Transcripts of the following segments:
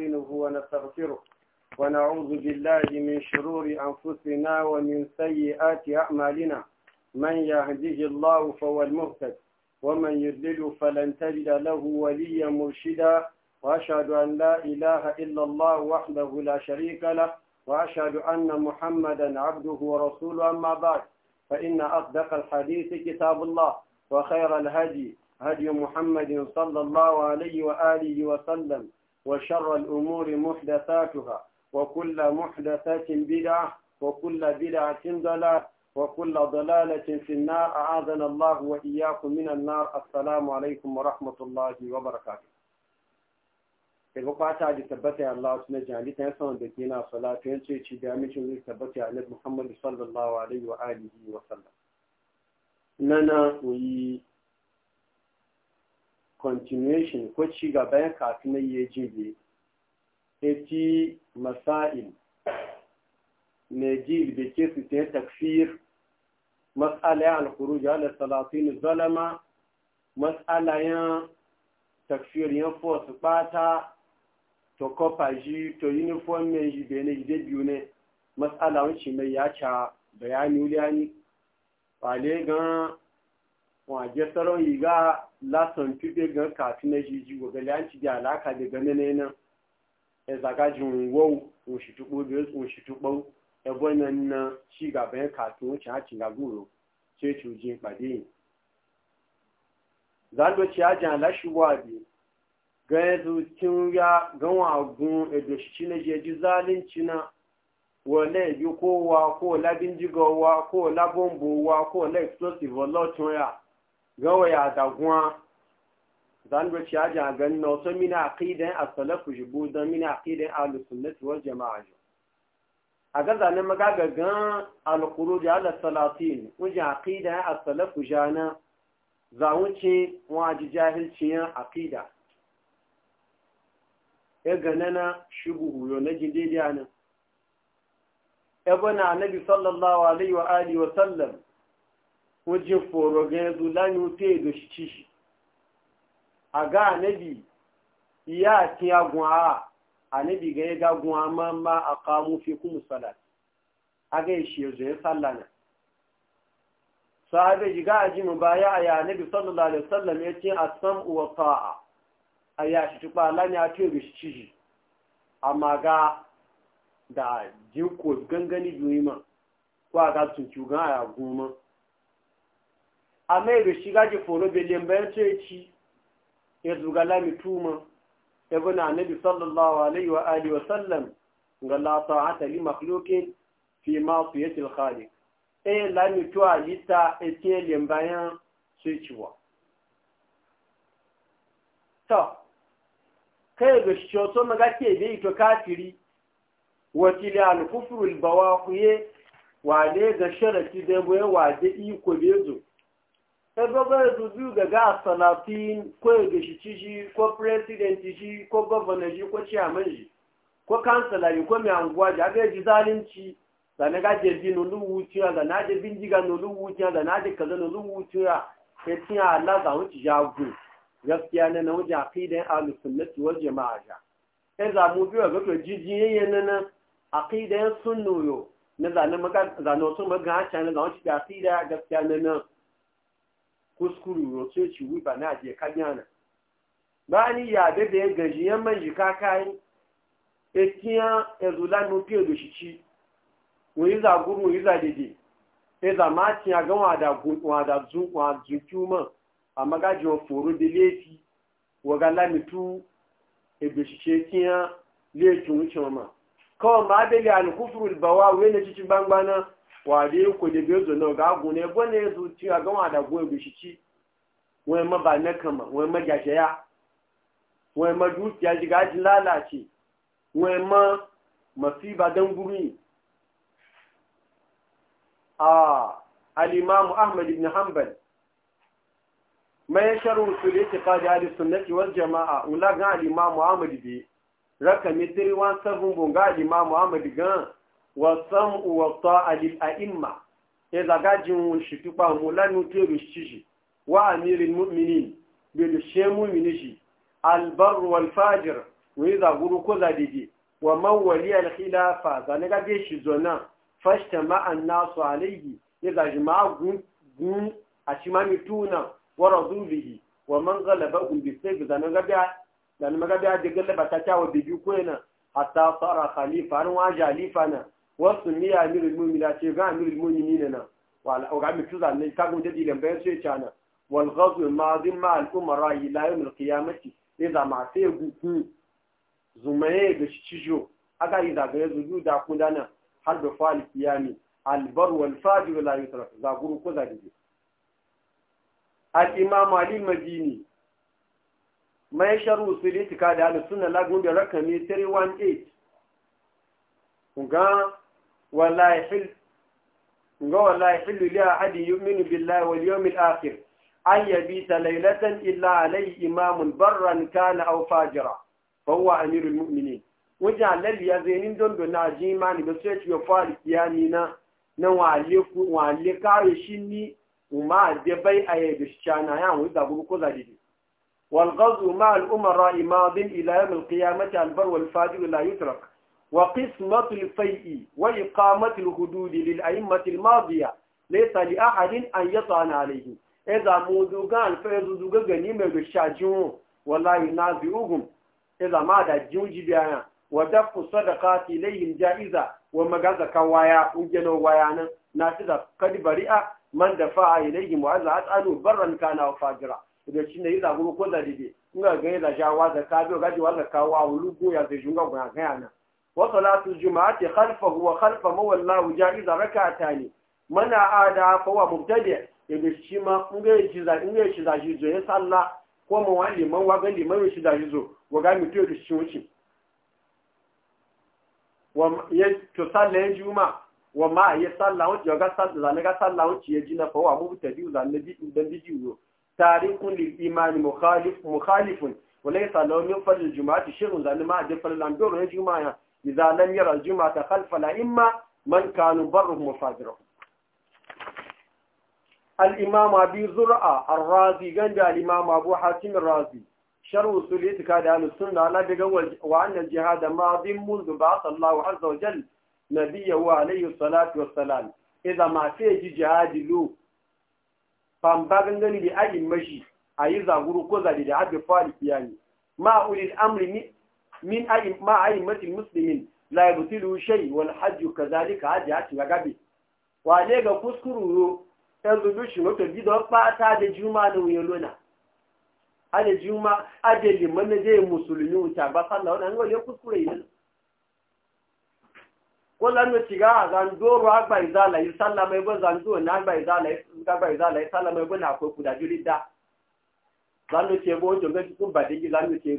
نستعينه ونستغفره ونعوذ بالله من شرور أنفسنا ومن سيئات أعمالنا من يهده الله فهو المهتد ومن يضلل فلن تجد له وليا مرشدا وأشهد أن لا إله إلا الله وحده لا شريك له وأشهد أن محمدا عبده ورسوله أما بعد فإن أصدق الحديث كتاب الله وخير الهدي هدي محمد صلى الله عليه وآله وسلم وشر الأمور محدثاتها وكل محدثة بدعة وكل بدعة ضلالة وكل ضلالة في النار أعاذنا الله وإياكم من النار السلام عليكم ورحمة الله وبركاته Ilbuka ta ji tabbata ya Allah suna jami ta yasan da ke na salatu yan ce ci da mishin zai tabbata ya Annabi Muhammad sallallahu alaihi wa alihi wa sallam. Nana yi continuation ko ci gaban kafin ya jibe eti masa'il ne jil da ke su ta ya alkuru ya da salatin zalama matsalayan takfir yan force bata to kofa ji to uniform ne ji da ne gide biyu ne matsala wancin mai ya ca bayani wuliyani wale gan wajen tsaron yi ga lasan tuɓe gan kafin ji jiji wa ga liyanci da alaka da gane na yana ya zaga jin wau unshi tuɓo biyar unshi tuɓo ebe nan na ci gaba ya kafin wuce hacin ga goro ce cujin pàdé bi ga yanzu kin ya ganwa gun na jeji zalunci na wale bi kowa ko labin jigowa ko labombowa ko la explosive lotun ya gawa ya daguwa, zan ga ciya jan gan na so mina aqidan as-salaf jibu da mina aqidan ahlus-sunnati wal jama'a a ga zanen magaga gan al ala salatin wajen aqidan as salafu jana zawuci waji jahilciyan aqida ya e ganana shubuhu yo na jindediya nan ebe na annabi sallallahu alaihi wa alihi wa sallam wajen foro ganin zulani ta yi da shi shi a ga anabi iya ti agun a anabi ga ya gagun a ma ma a kamo fi kuma salat a ga ya shi yanzu ya sallana sahabe ji ga aji mu baya a ya anabi sallallahu alaihi wasallam ya ce a san uwa ta'a a ya shi tukpa lani a ta yi da shi shi amma ga da jinko gangani biyu ma ko a ga sun kyugan a ya goma amma ya doshi gaji foro belen bayan ce ci ya zuga lami tuma ibn annabi sallallahu alaihi wa alihi wa sallam ga la ta'ata li makhluqin fi ma'siyati al-khaliq eh lami to alita etie len bayan ci wa. to kai ga shi to maga ke bai to kafiri wa tila al-kufru al-bawaqiy wa ne ga sharati dai boye wa da iko bezo ebe ga-ezuzu gaga asalatin ko egesici ji ko presidenti ji ko gọvanọ ji ko chairman ji ko kansala ji ko mai anguwa ji aga n'chi zalunci da na gaje bi na oluwu tiya da na aje bindiga na oluwu tiya da na aje kaza na oluwu tiya ya tiya Allah za wuce jago gaskiya ne na wuce aqidan ahlus sunnati wal jama'a ja e sai za mu biyo ga to jijiye yana na aqidan sunnu yo na zanen maka zanen wasu magana ta na za wuce aqida gaskiya ne na kuskuru rotu ci wiba na je kanyana ni ya be da gajiyan man jika kai etiyan ezula no pie do shichi wo iza guru wo iza dede eza ma ti agan wa da gun wa da zu wa zu kuma amma ga jo foro de lefi wo ga la mi tu ebe shichi etiyan le tun choma ko ma be le al kufru al bawa we ne chichi bangbana wàdí kò da bí na náà gu ní e ẹgbọ́n su ci a gama da goyi bishi ci wọ́n ma ba na kama wọ́n ma jashaya wai ma dukiya shiga ji lalace wai ma masiba dan guri a al ibn hanbal jamaa ulaga al-imam rakami 317 gan wasan uwata alil a'imma ya zaga jin shi tuba mu lanu tero shi wa amirin mu'minin bil shemu minishi albar wal fajir wa yaza ko zadidi wa man wali al khilafa zane ga be shi zona fashtama an nasu alayhi ya zaji ma gun gun a shi ma mituna wa radulihi wa man galaba un bi sai zane ga da da galaba ta tawo bibi ko yana hatta sara khalifa an wa jalifa na wasu ni ya amirul mu'mina ce ga amirul mu'minina na wal ga mi tuza ne ka gun jadi lan bayan sai cana wal ghazw madin ma al umara ila yawm e al qiyamati idza ma sai gugu zumaye da cijo aka yi da ga zuju da kudana har da fal qiyami al bar wal fajir la yutraf za guru ko za dije al imam ali madini mai sharu usuliti ka da al sunna lagun da rakami 318 kun ga ولا يحل ولا يحل أحد يؤمن بالله واليوم الآخر أن يبيت ليلة إلا عليه إمام برا كان أو فاجرا فهو أمير المؤمنين وجعل لي زينين دون دون عجيمان بسيط يفارق يامينا نواليكا يشيني وما دبي أي بشتانا يعني وإذا بلقوا ذلك والغزو مع الأمراء ماض إلى يوم القيامة البر والفاجر لا يترك wa qismatul fai'i wa iqamatul hudud lil a'immatil madiya laysa li ahadin an yata'ana alayhi idha mudugan fa yuduga gani me go shajun wallahi nazi'uhum idha ma da juji biya wa dafu sadaqati layhim ja'iza wa magaza kawaya ugeno wayana na tida kadibari'a man dafa ilayhim wa za atalu barran kana wa fajira idan shi ne yiza guru ko da dide ina ga yiza shawa da kado gaji wallaka wa ulugo ya zai shunga gwa kayana وصلاه الجمعه خلفه وخلف مولى وجائز ركعتان من عاد فهو مبتدع يدشي ما ngeji za ngeji za jizo ya salla ko mu wali man wa gali man shi da ga mu tuyo dishi wuce wa ya to salla juma wa ma ya salla wuce ga salla za ne ga salla wuce ya ji na fawa mu tabi za ne bi dan bi ji wo tarikun lil iman mukhalif mukhalifun wa laysa lahu min ma da fadl lan do ne إذا لم يرى الجمعة خلف khalfa al-a'imma man kanu barruhum wa fajruhum al-imam abi zur'a ar-razi ganda al-imam abu hatim ar شر وصول اعتقاد اهل السنه لا بقول وأن الجهاد ماضي منذ بعث الله عز وجل نبيه عليه الصلاة والسلام إذا ما فيه جهاد له فامبغن غني دي اي مشي اي زغورو كو زادي دي ابي يعني ما اولي الامر min ayin ma ayin matin shai, la yabtilu shay wal hajj kadhalika ga hati gabe wale ga kuskururo ɗan zubi shi wato gidan fata da juma da wuyelona ada juma ada liman na je musulmi wuta ba sallah wannan wani kuskure yi ko lanu tiga zan doro agba izala yi sallah mai ba zan doro na agba izala yi agba izala yi sallah mai ba na akwai kuda jirida lanu ce bo jonga cikin badigi lanu ce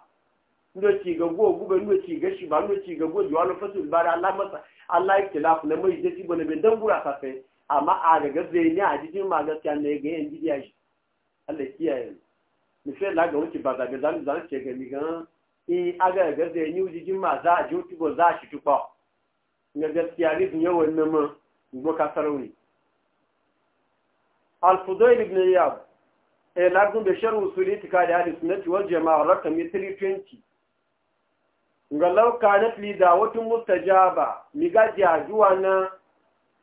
nuna ci ga go gube nuna ci ga shi ba nuna ci ga go jiwa lo ba da Allah masa Allah ya kilafu na mai dace bane bai dan gura ta sai amma a ga gaze ne a jijin ma gaskiya ne ga yan jidiya shi Allah kiyaye ni sai la ga wuce ba da zan zan ce ga ni ga in a ga gaze ni jijin ma za a jiwu wuce za a shi tukwa ga gaskiya ne dun yawan nan ma go ka sarauni al-fudail ibn iyad eh lagun da sharh usuli tikadi ahli sunnati wal jamaa rakam 320 ga lauka na da wata mustajaba mi ga jajuwa na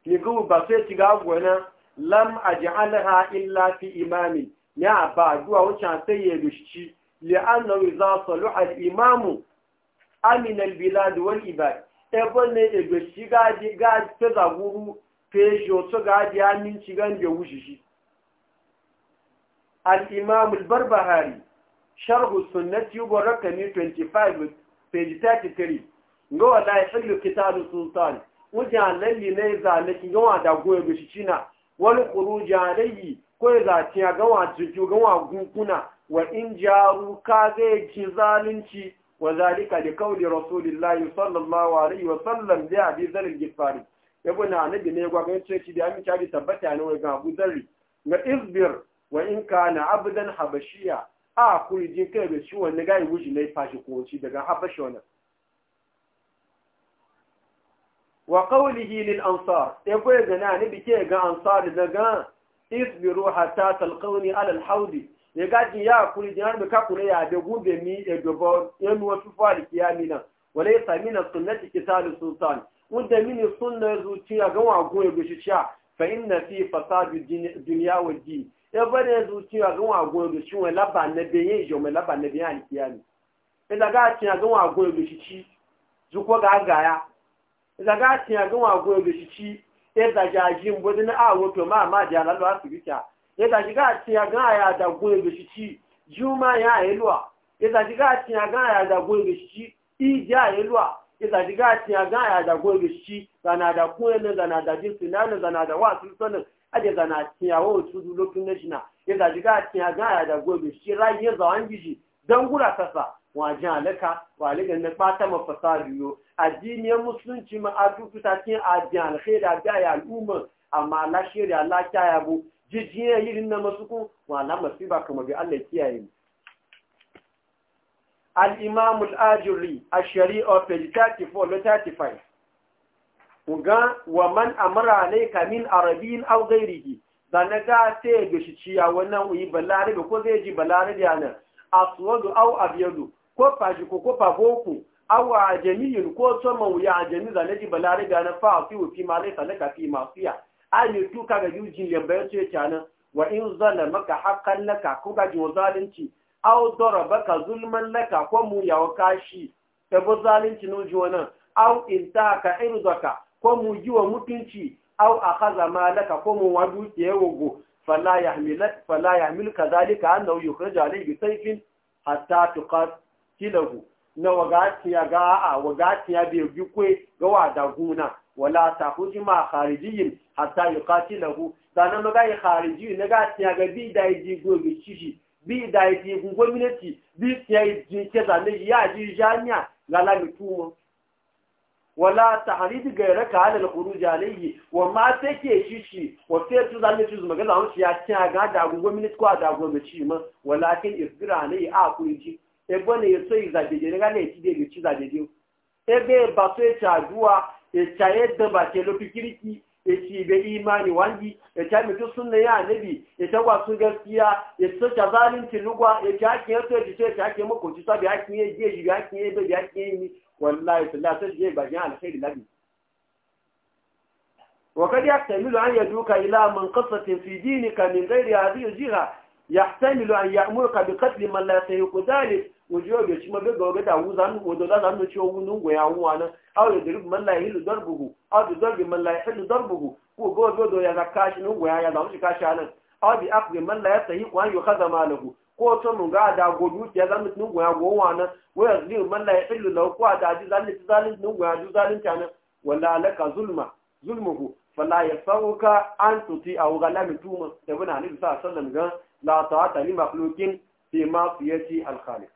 mi gubu ba sai e ci gago na lam aj'alha illa fi imami ya ba duwa wucin sai ya dushi li'annahu idza saluha al-imamu amina al-bilad wal ibad ebon ne e shi ga ga ta zaguru pejo to ga amin ci da wushishi al-imam al-barbahari sharh sunnati wa rakami 25 page 33 ga wallahi ta kitabu sultan wajen lalli ne za na ki gawa da goye ga shi wani khuruj alayhi ko za ci ga wa juju ga wa gunkuna wa in jaru ka zai ci zalunci wa zalika li qawli rasulillahi sallallahu alaihi wa sallam li abi dharr al-ghifari yabo na annabi ne gwa ga ce ci da amince bi tabbata ne wa ga abu ga isbir wa in kana abdan habashiya a kurje kai da ciwon na gayi wuji ne fashi kowace daga habashi wannan wa qawlihi lil ansar ya goye ga na nabi ke ga ansar daga isbiru hatta talqawni ala al hawd ya gaji ya kurje har ka kure ya da gube mi e dobo yan wasu fali kiyamina walaysa min sunnati kital sultan wanda min sunna zuciya ga wa goye gushi cha fa inna fi fasad dunya din ebe da zuciya ga wagon da shi wani laba na biyan yi jomai laba na biyan alkiya ne ina ga tiya ga wagon da shi ci zuko ga gaya ina ga wagon da shi ci ya da jajin bude na awo to ma ma da lalu ya da ga a da shi ci juma ya elwa ya da shiga tiya da shi ci ija elwa ya da shiga tiya ga ya da gon da shi ci zana da kuwa ne zana da na ne aje zana tiya wa wasu lokacin na jina ya zaji ga tiya gaya da gobe shi rai ya zawan gishi don gura kasa wajen alaka waligan na fata mafasa biyo addini musulunci ma a tukuta tiyan addin alkhaira gaya al'umma amma Allah shirya Allah kyaya bu jijiya yirin na masuku kun wala masiba kuma bi Allah kiyaye al-imam al-ajuri ash-shari'a page 34 35 ga wa man amara ne kamin arabiyin au gairihi da na ga ta da shi ciya wannan uyi balare ko zai ji balare da nan aswadu au abiyadu ko fashi ko ko fagoku au jami'in ko so man wuya ajami da na ji balare da nan fa fi fi ma lai salaka fi ma fiya ai tuka ga yuji ya bayar ce nan wa in maka haqqan laka ko ga ji zalunci au darabaka zulman laka ko mu yawa kashi ta bo zalunci nan ji wannan au intaka irzaka ko mu ji wa mutunci au akhadha malaka ko mu wa dutse wogo fala yahmil fala yahmil kadhalika annahu yukhraj alayhi bi sayfin hatta tuqatilahu na wagati ya ga a wagati ya bi gikwe ga da guna wala ta kuji ma kharijiyin hatta yuqatilahu sanan maga ya khariji na ga tiya ga bi da ji gobe shishi bi da ji gwamnati bi yi ji ke zanne ya ji jami'a ga la mutumo wala tahrid gairaka ala al-khuruj alayhi wa ma take shi shi wa sai tu zama tu magana an shi ya ci ga da gugu minute ko da gugu da ma walakin isgira alayhi a ku ji e bone yeso izajeje ga le ti de le ci zajeje e be ba so e cha duwa e cha e da ba ke lo pikiriki e ci be imani wangi e cha mi tu sunna ya nabi gaskiya e so zalunci lugwa e cha ke so sabi ji wallahi sallah sai je bakin alkhairi ladi wa kad yahtamilu an yaduka ila manqasatin fi dinika min ghairi hadhihi jiha yahtamilu an ya'muruka bi qatl man la yaqu dhalik wujuhu bi shima bi gawa da wuzan wudo da zanu ci ogun nun go ya wuwana aw ya dirib man la yahilu darbuhu aw bi darbi man la yahilu darbuhu ko go go do ya zakashi nun go ya ya da wuci kashi anan aw bi aqbi man la yahtahi wa yukhadha maluhu ko to mun ga da godu dukiya zan mutu go ya go wana waya zai malla ya illu law ko da ji zan ji zalin nun go ya ju zalin tana wala laka zulma zulmuhu fala sauka an tuti aw gala mutuma da bin annabi sa alaihi ga la ta'ata li makhluqin fi ma fiyati al khaliq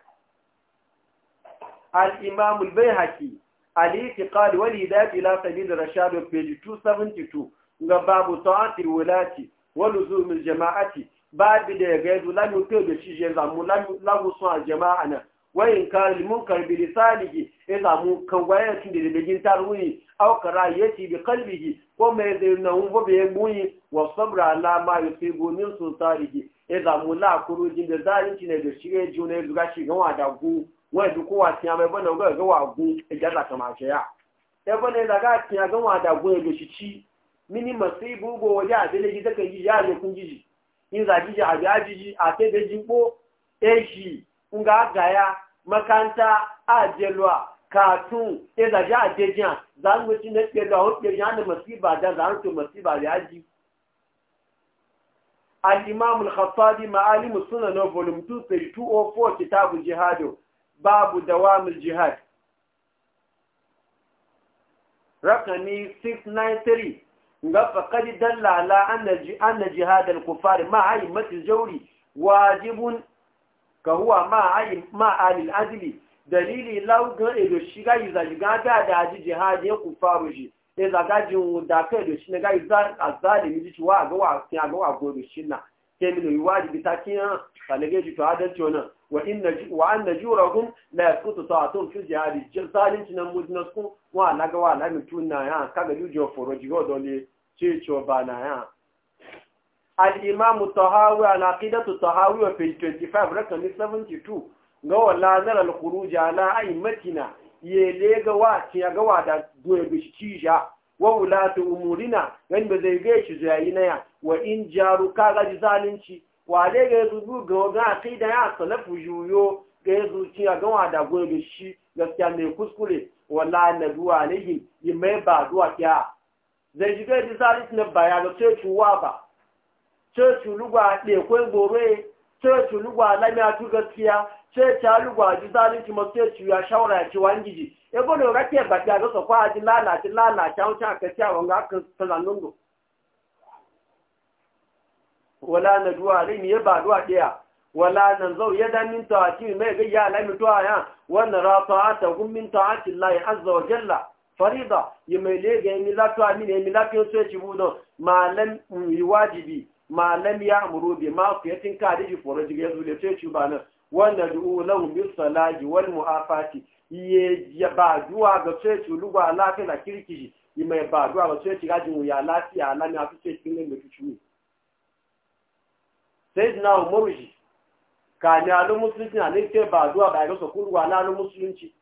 al imam al bayhaqi al i'tiqad wal hidayat ila sabil rashad page 272 ga babu ta'ati wulati wa luzum al jama'ati babu da ya gaidu lamu to da shi je zamu lamu sun a jama'a nan wayin kar munkar bi lisanihi ya zamu kan waya tun da bigin tarwuni aw karayati bi qalbihi ko mai zai na hu be muyi wa sabra ala ma yusibu min sultanihi ya zamu la kurujin da zalunci ne da shi ya juna ya zuga shi ga wada gu wa duk kowa tiya mai bana ga ga wagu ya kama ce ya ya bane da ga ga wada gu ya shi ci mini masibu go waje a dele ji da kan yi? ya ne kun ji inzagiji abiyajiji atebejimbo eji nga gaya makanta ajelwa katun ezaji adejiya zangoci na tsedawa hukunan da masiba da zanto masiba da yaji al-imam al-khattabi suna na volume 2 page 204 kitabu jihadu babu dawamul jihar. jihad rakami 693 nga kadi dalla ala anna jihad al kufari ma aimmat al-jawri wajibun ka huwa ma aim ma alil adli dalili law ga edo shiga yiza yiga da da ji jihad ya kuffaru shi sai e zaga jin da ka edo shi ga azali azalimi ji ci wa ga wa sai ga wa go do shinna sai mi wajibi ta kiyan kalage ji to adalci wannan wa inna wa anna jurahum la yasqutu ta'atun fi jihad jil salinci nan mujnasku wa laga wa la mituna ya kaga jujo foro jigo dole cewa ba na ya al'imamu tahawi al'aƙidatu tahawi wa page 25 rakami 72 ga wala naral yi na aimatina yele ga wace ya ga wada doye bishtija wa wulatu umurina gani ba zai ga shi zuyayi na ya wa in jaru ka gaji zalunci wale ga ya bu ga ga aqida ya salafu yoyo ga yanzu ci ga da goye bishi gaskiya mai kuskure wala na zuwa alayhi yi mai ba duwa kya zai shiga ji salis na baya ga coci waba coci lugwa ɗekon gore coci lugwa lamya tu gaskiya coci a lugwa ji ma coci ya shawara ya ci wangiji ebe da rake baki a gasa kwa ji lalace lalace a wuce aka ciya wanga aka tsanannin do wala na duwa rini ya ba duwa ɗaya wala na zau ya dan a cikin mai ga ya ya wannan rafa ta gummin ta'ati Allah azza wa jalla farida yemele mai lega ya milatu amina ya milatu ya soya cibu don malam yi wajibi ya amuru bi ma ku ya ka da foro jiga ya le soya cibu ba nan wanda du'u lahu bis salati wal mu'afati ye ya ba duwa ga soya cibu lugwa lafiya na kirkiji yi mai ba duwa ga soya ga gajin ya lati ala ni afi fice cikin me da ni sai na umaru ka ni alu musulmi na ne ke ba duwa ba ga ga sokurwa na alu musulunci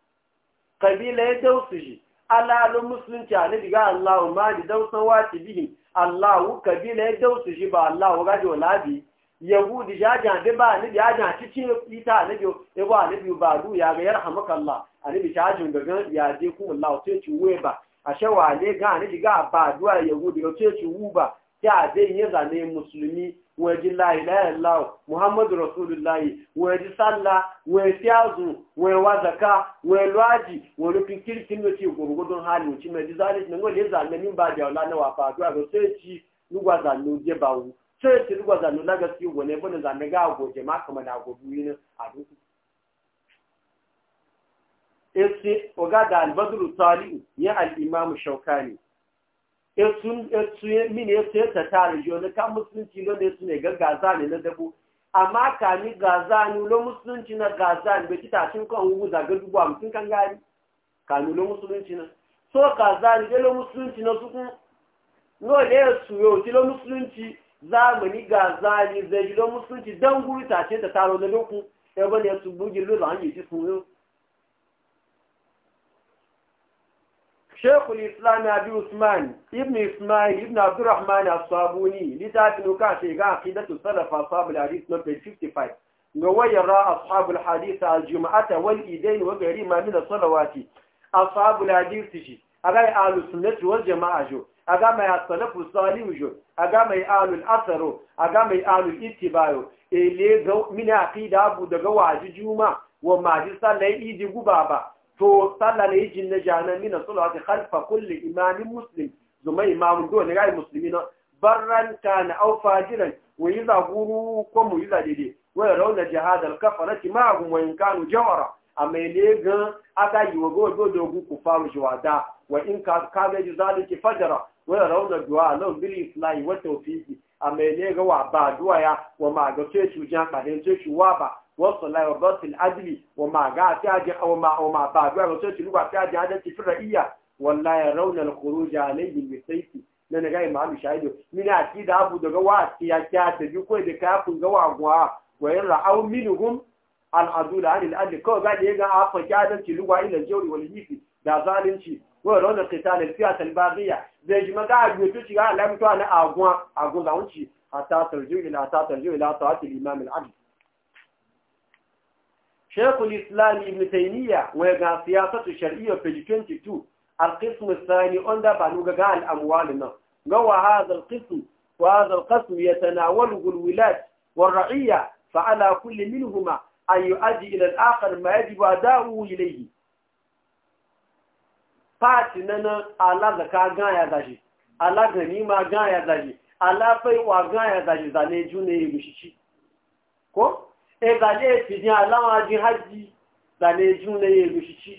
kabila ya dausu shi alalun musulunci a Allahu ma di dausan wati bihi Allahu kabila ya dausu shi ba Allahu gaji wa labi yahudi jajan da ba ita nabi ya ba nabi ba du ya ga yarhamaka Allah nabi jajin daga ya je ku Allah sai ci we ba a shawa ga ni diga ba yahudi sai ci wu ba ya zai yi zane musulmi waje layi layan lawo muhammadu rasulullahi waje sallah waje fiyazu waje wazaka waje lwaji waje rufin kirkin da ce gurgudun hali wuce mai ji zane shi nangwale zane min ba da yaula na wafa to a sai ci lugwa zane je ba wu sai ci lugwa zane na gaske gwane bane zane ga goje ma kama da gobe yi na a duk ese oga da albadru tali'u yi al'imamu shaukani mini ya ce ta tare shi wani kan musulunci na ne su ne ga gaza na dabo amma ka ni gaza lo musulunci na gazani ne bai kita cin kan wu zaga dubu hamsin kan gari ka ni lo musulunci na so gaza ni lo musulunci na sukun no ne ya suyo ti lo musulunci zamani gaza ni zai lo musulunci dan guri ta ce ta taro na lokun ya e bane su bugi lo da hanyar ji sun yau Shekul Islam ya Usman, Ibn Ismail, Ibn Abdurrahman a Sabuni, littafin Luka shiga a kida su sabul hadith na 55. Ga wayar ra a sabul hadith a Juma'ata wal idain wa gari ma mina salawati a sabul hadith shi. A ga yi alu sunnatu wal jama'a jo, a ga mai asalafu salim jo, a ga mai alu asaro, a ga mai alu itibayo, e le mina akida abu daga wa juma wa majisa na idi guba ba. to sallah ne yijin na janan mina salawati khalfa kulli imamin muslim zuma imamun do ne gai muslimina barran kana aw fajiran wa yiza guru ko mu yiza dede wa rauna jihad al kafarati na wa in kanu jawara amma ne ga aka yi wa go do do ku faru jawada wa in ka ka ga zaliki fajara wa rauna du'a lahum bil islahi wa tawfiqi amma ne ga wa ba du'a ya wa ma ga ce jan ka ne ce shuwa ba wọ́n sọ láyọ̀ bọ́ sí adìrí wọ́n máa gá àti àjẹ ọmọ da àwọn tó ti rúgbà tí àjẹ àjẹ ti fẹ́rẹ̀ ìyà wọ́n láyọ̀ rọ́ọ̀nà kòrò jà a ìgbìmọ̀ sẹ́yìtì lẹ́nu ẹ̀gá ìmọ̀ àlùṣà ìdò nínú àti ìdáàbò dọ̀gọ́ wá àti àti àtẹ̀jú kó èdè káàpù ńgọ́ wà gùn á wẹ̀yìn rà áwọn mínú hún àlàdù láàrin láàrin kọ́ọ̀gá ìdè shekul islam ibn taymiya wai ga siyasatu shar'iyya page 22 alqism tsani onda ba nu ga al'amwal ga wa hadha alqism wa hadha alqism yatanawalu alwilad warra'iyya fa ala kulli minhumma an yu'addi ila al'akhar ma yajibu adahu ilayhi part nan ala da ka ga ya daji ala ga ni ma ga ya daji ala fai wa ga ya daji zane june yi gushi ko ẹgbàlẹ́ ìfìdí aláwọn ajíhájí lànàjú ní èrò ṣíṣí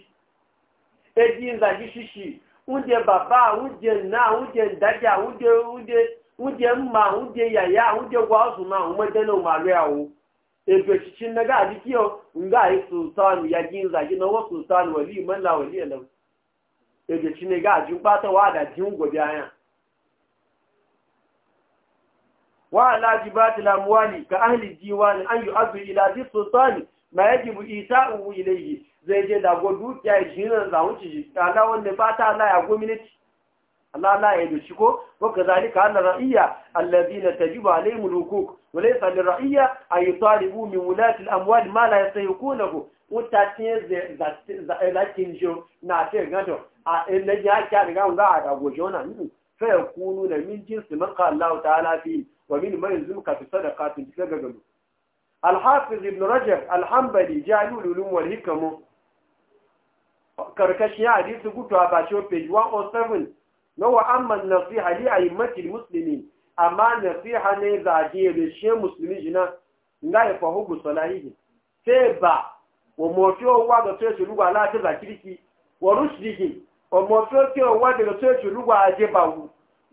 ẹjí ìlàjí ṣíṣí oúnjẹ bàbá oúnjẹ náà oúnjẹ ìdájà oúnjẹ oúnjẹ oúnjẹ mma oúnjẹ yàyà oúnjẹ wàásù máa ń mọ́jẹ́ náà máa rẹ̀ àwọ̀ èrò ṣíṣí nígbà àti kí ọ ǹgá ya sọ́ọ̀nù yàjí ìlàjí náà wọ́n sù وعلى جبات الأموال كأهل الديوان أن يؤدوا إلى ذي السلطان ما يجب إيتاؤه إليه zai je da godu ya yi shi nan zaun ci ala wanda ba ta ala ya gominati ala Allah ya shi ko wa kazalika anna ra'iya alladhina tajibu alaihim alhuquq wa laysa lirra'iya an yutalibu wula wulati alamwal ma la yastahiqunahu utatin za kin jo na ce gado a inda ya ka daga a da gojona ni kunu da min jinsi maka Allah ta'ala fi ومن ما يلزمك بصدقات تلقى الحافظ ابن رجب الحنبلي جعل العلوم والحكم karkashin hadisi gutuwa ba shi page 107 na wa'amman nasiha li aimmatil muslimi amma nasiha ne zaje da shi musulmi jina nga ya fahu bu salahihi sai ba wa mofiyo wa ga sai shi lugwa la ta zakirki wa rushdihi wa mofiyo wa daga sai shi lugwa aje ba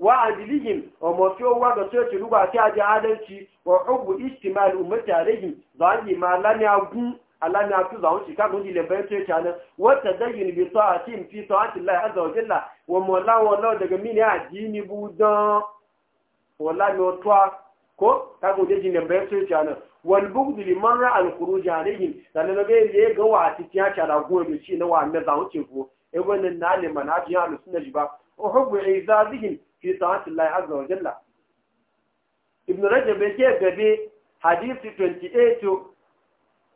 wa adilihim wa mafiyo wa ga sai ruba ta ji adalci wa hubu istimal ummati alaihim zali ma lam yagun Allah a tu zawo shi kan gudu lebayin ce ta nan wata dagin bi sa'atin fi sa'atin Allah azza wa jalla wa mawla wa daga min mini ajini budan wala mi otwa ko ka gudu jin lebayin ce ta nan wal bughd liman ra al khuruj alaihim dan na bai ye ga wa ti ta ta da go bi shi na wa na zawo ce ko e wannan na le mana ji ha sunna ji ba uhubbu izazihim fi ta'atin Allah azza wa jalla ibn rajab yake gabe hadisi 28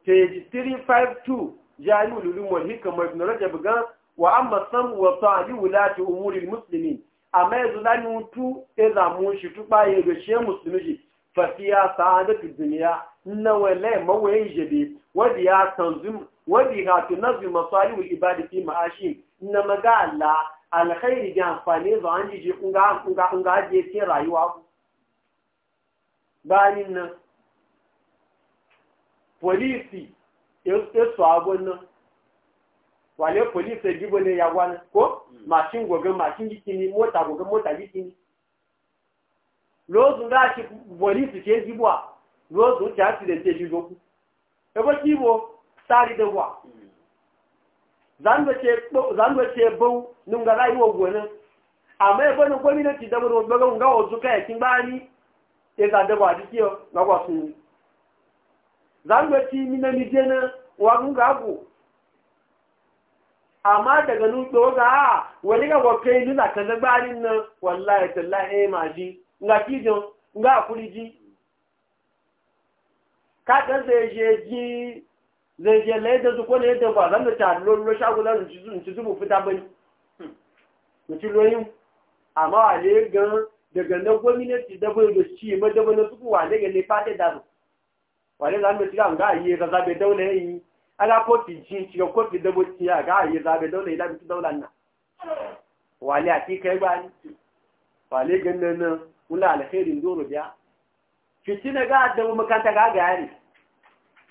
page 352 jami ululum wal hikam ibn rajab ga wa amma sam wa ta'ali wulati umuri al muslimin amma yanzu lani mutu zamu shi tuba ya ga shi musulmi fa fiya sa'adatu dunya na wala mawaye jabi wadi ya tanzim wadi ha tunazim masalih al ibadi ma'ashi na magala alkhairi ga amfani zo an jije nga ajiye cikin rayuwa ku bayanin nan polisi ya su agon nan wale polisi ya gibo ne ya gwana, ko mm. mashin gogon mashin gikini mota gogon mota gikini lozun da ake polisi ke a lozun ta accident ya gizo ku ebe kibo tsari da wa mm. zanwe ce bau nun ga rayuwar amma ya bani gwamnati da wani wajen ga wasu kayakin bani ya zada ba duk yau na kwasu ne zanwe ci mina nije na wagun gago amma daga nuto ga a wani ga wakai nuna ka na gbarin nan wallahi tallahi e ma ji nga kijin nga kuri ji ka ɗansa ya je ji zai je lai da su kone yadda ba zan da ta lolo shago za su ci zubu fita ba ne mu ci loyin amma a ne gan daga na gwamnati da bai da shi ma da bane suku kuwa daga ne fata da su wale za mu ci ga ga yi ga zabe daula yi ala kofi ci ci ga kofi da bo ci ga yi zabe daula yi da bi daula na wale a ti kai ba ni wale gan nan wula alkhairin doro biya fitina ga da makanta ga ga yari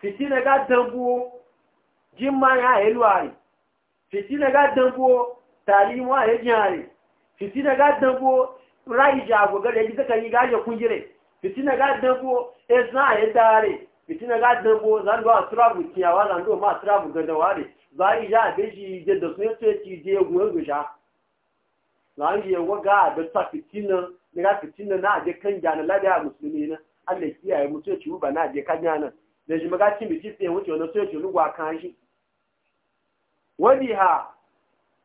fitina ga dambuwo jimma ya helu fitina ga dambuwo talimu a yajin fitina ga dambuwo rai jago ga da gizaka yi gaje kungire fitina ga dambuwo esna a yadda fitina ga dambuwo zando a turabu kiyawa zando ma turabu ga da ware za a yi ja da shi da da sun yace ci je gwen gusha za a yi yawa ga da ta fitina ga fitina na je kan jana lafiya musulmi na Allah kiyaye mutuwa ci ba na je kan jana da shi maka cin biki tsaye wuce wani soyaci lugwa kan shi wani ha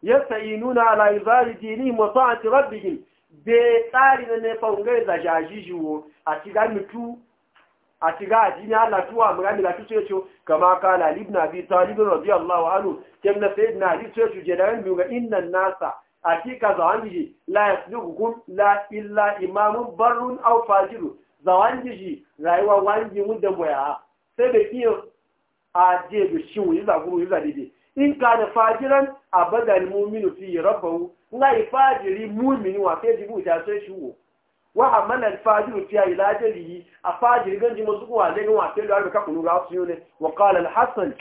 ya sayi nuna alayi zari dini masu a ti rabbihim be tsari na nefa ungai za jaji jiwo a shiga mutu a shiga a jini Allah tuwa mu gami latu soyaci kama kala libna bi talibin radiyallahu anhu kem na sayi na hadis soyaci jenayen biyu ga innan nasa a kika zawanji la yasduqukum la illa imamun barrun aw fajirun zawanji rayuwa wanji mun da boya sai da iya a je da shi wuyi za guru yi za in ka da fajiran a badal muminu fi rabbahu nga yi fajiri mumini wa fi jibu ta sai shi wo wa amana al fajiru fi ilajali a fajiri ganji masu kuwa ne wa sai da ka kunu ga su ne wa qala al hasan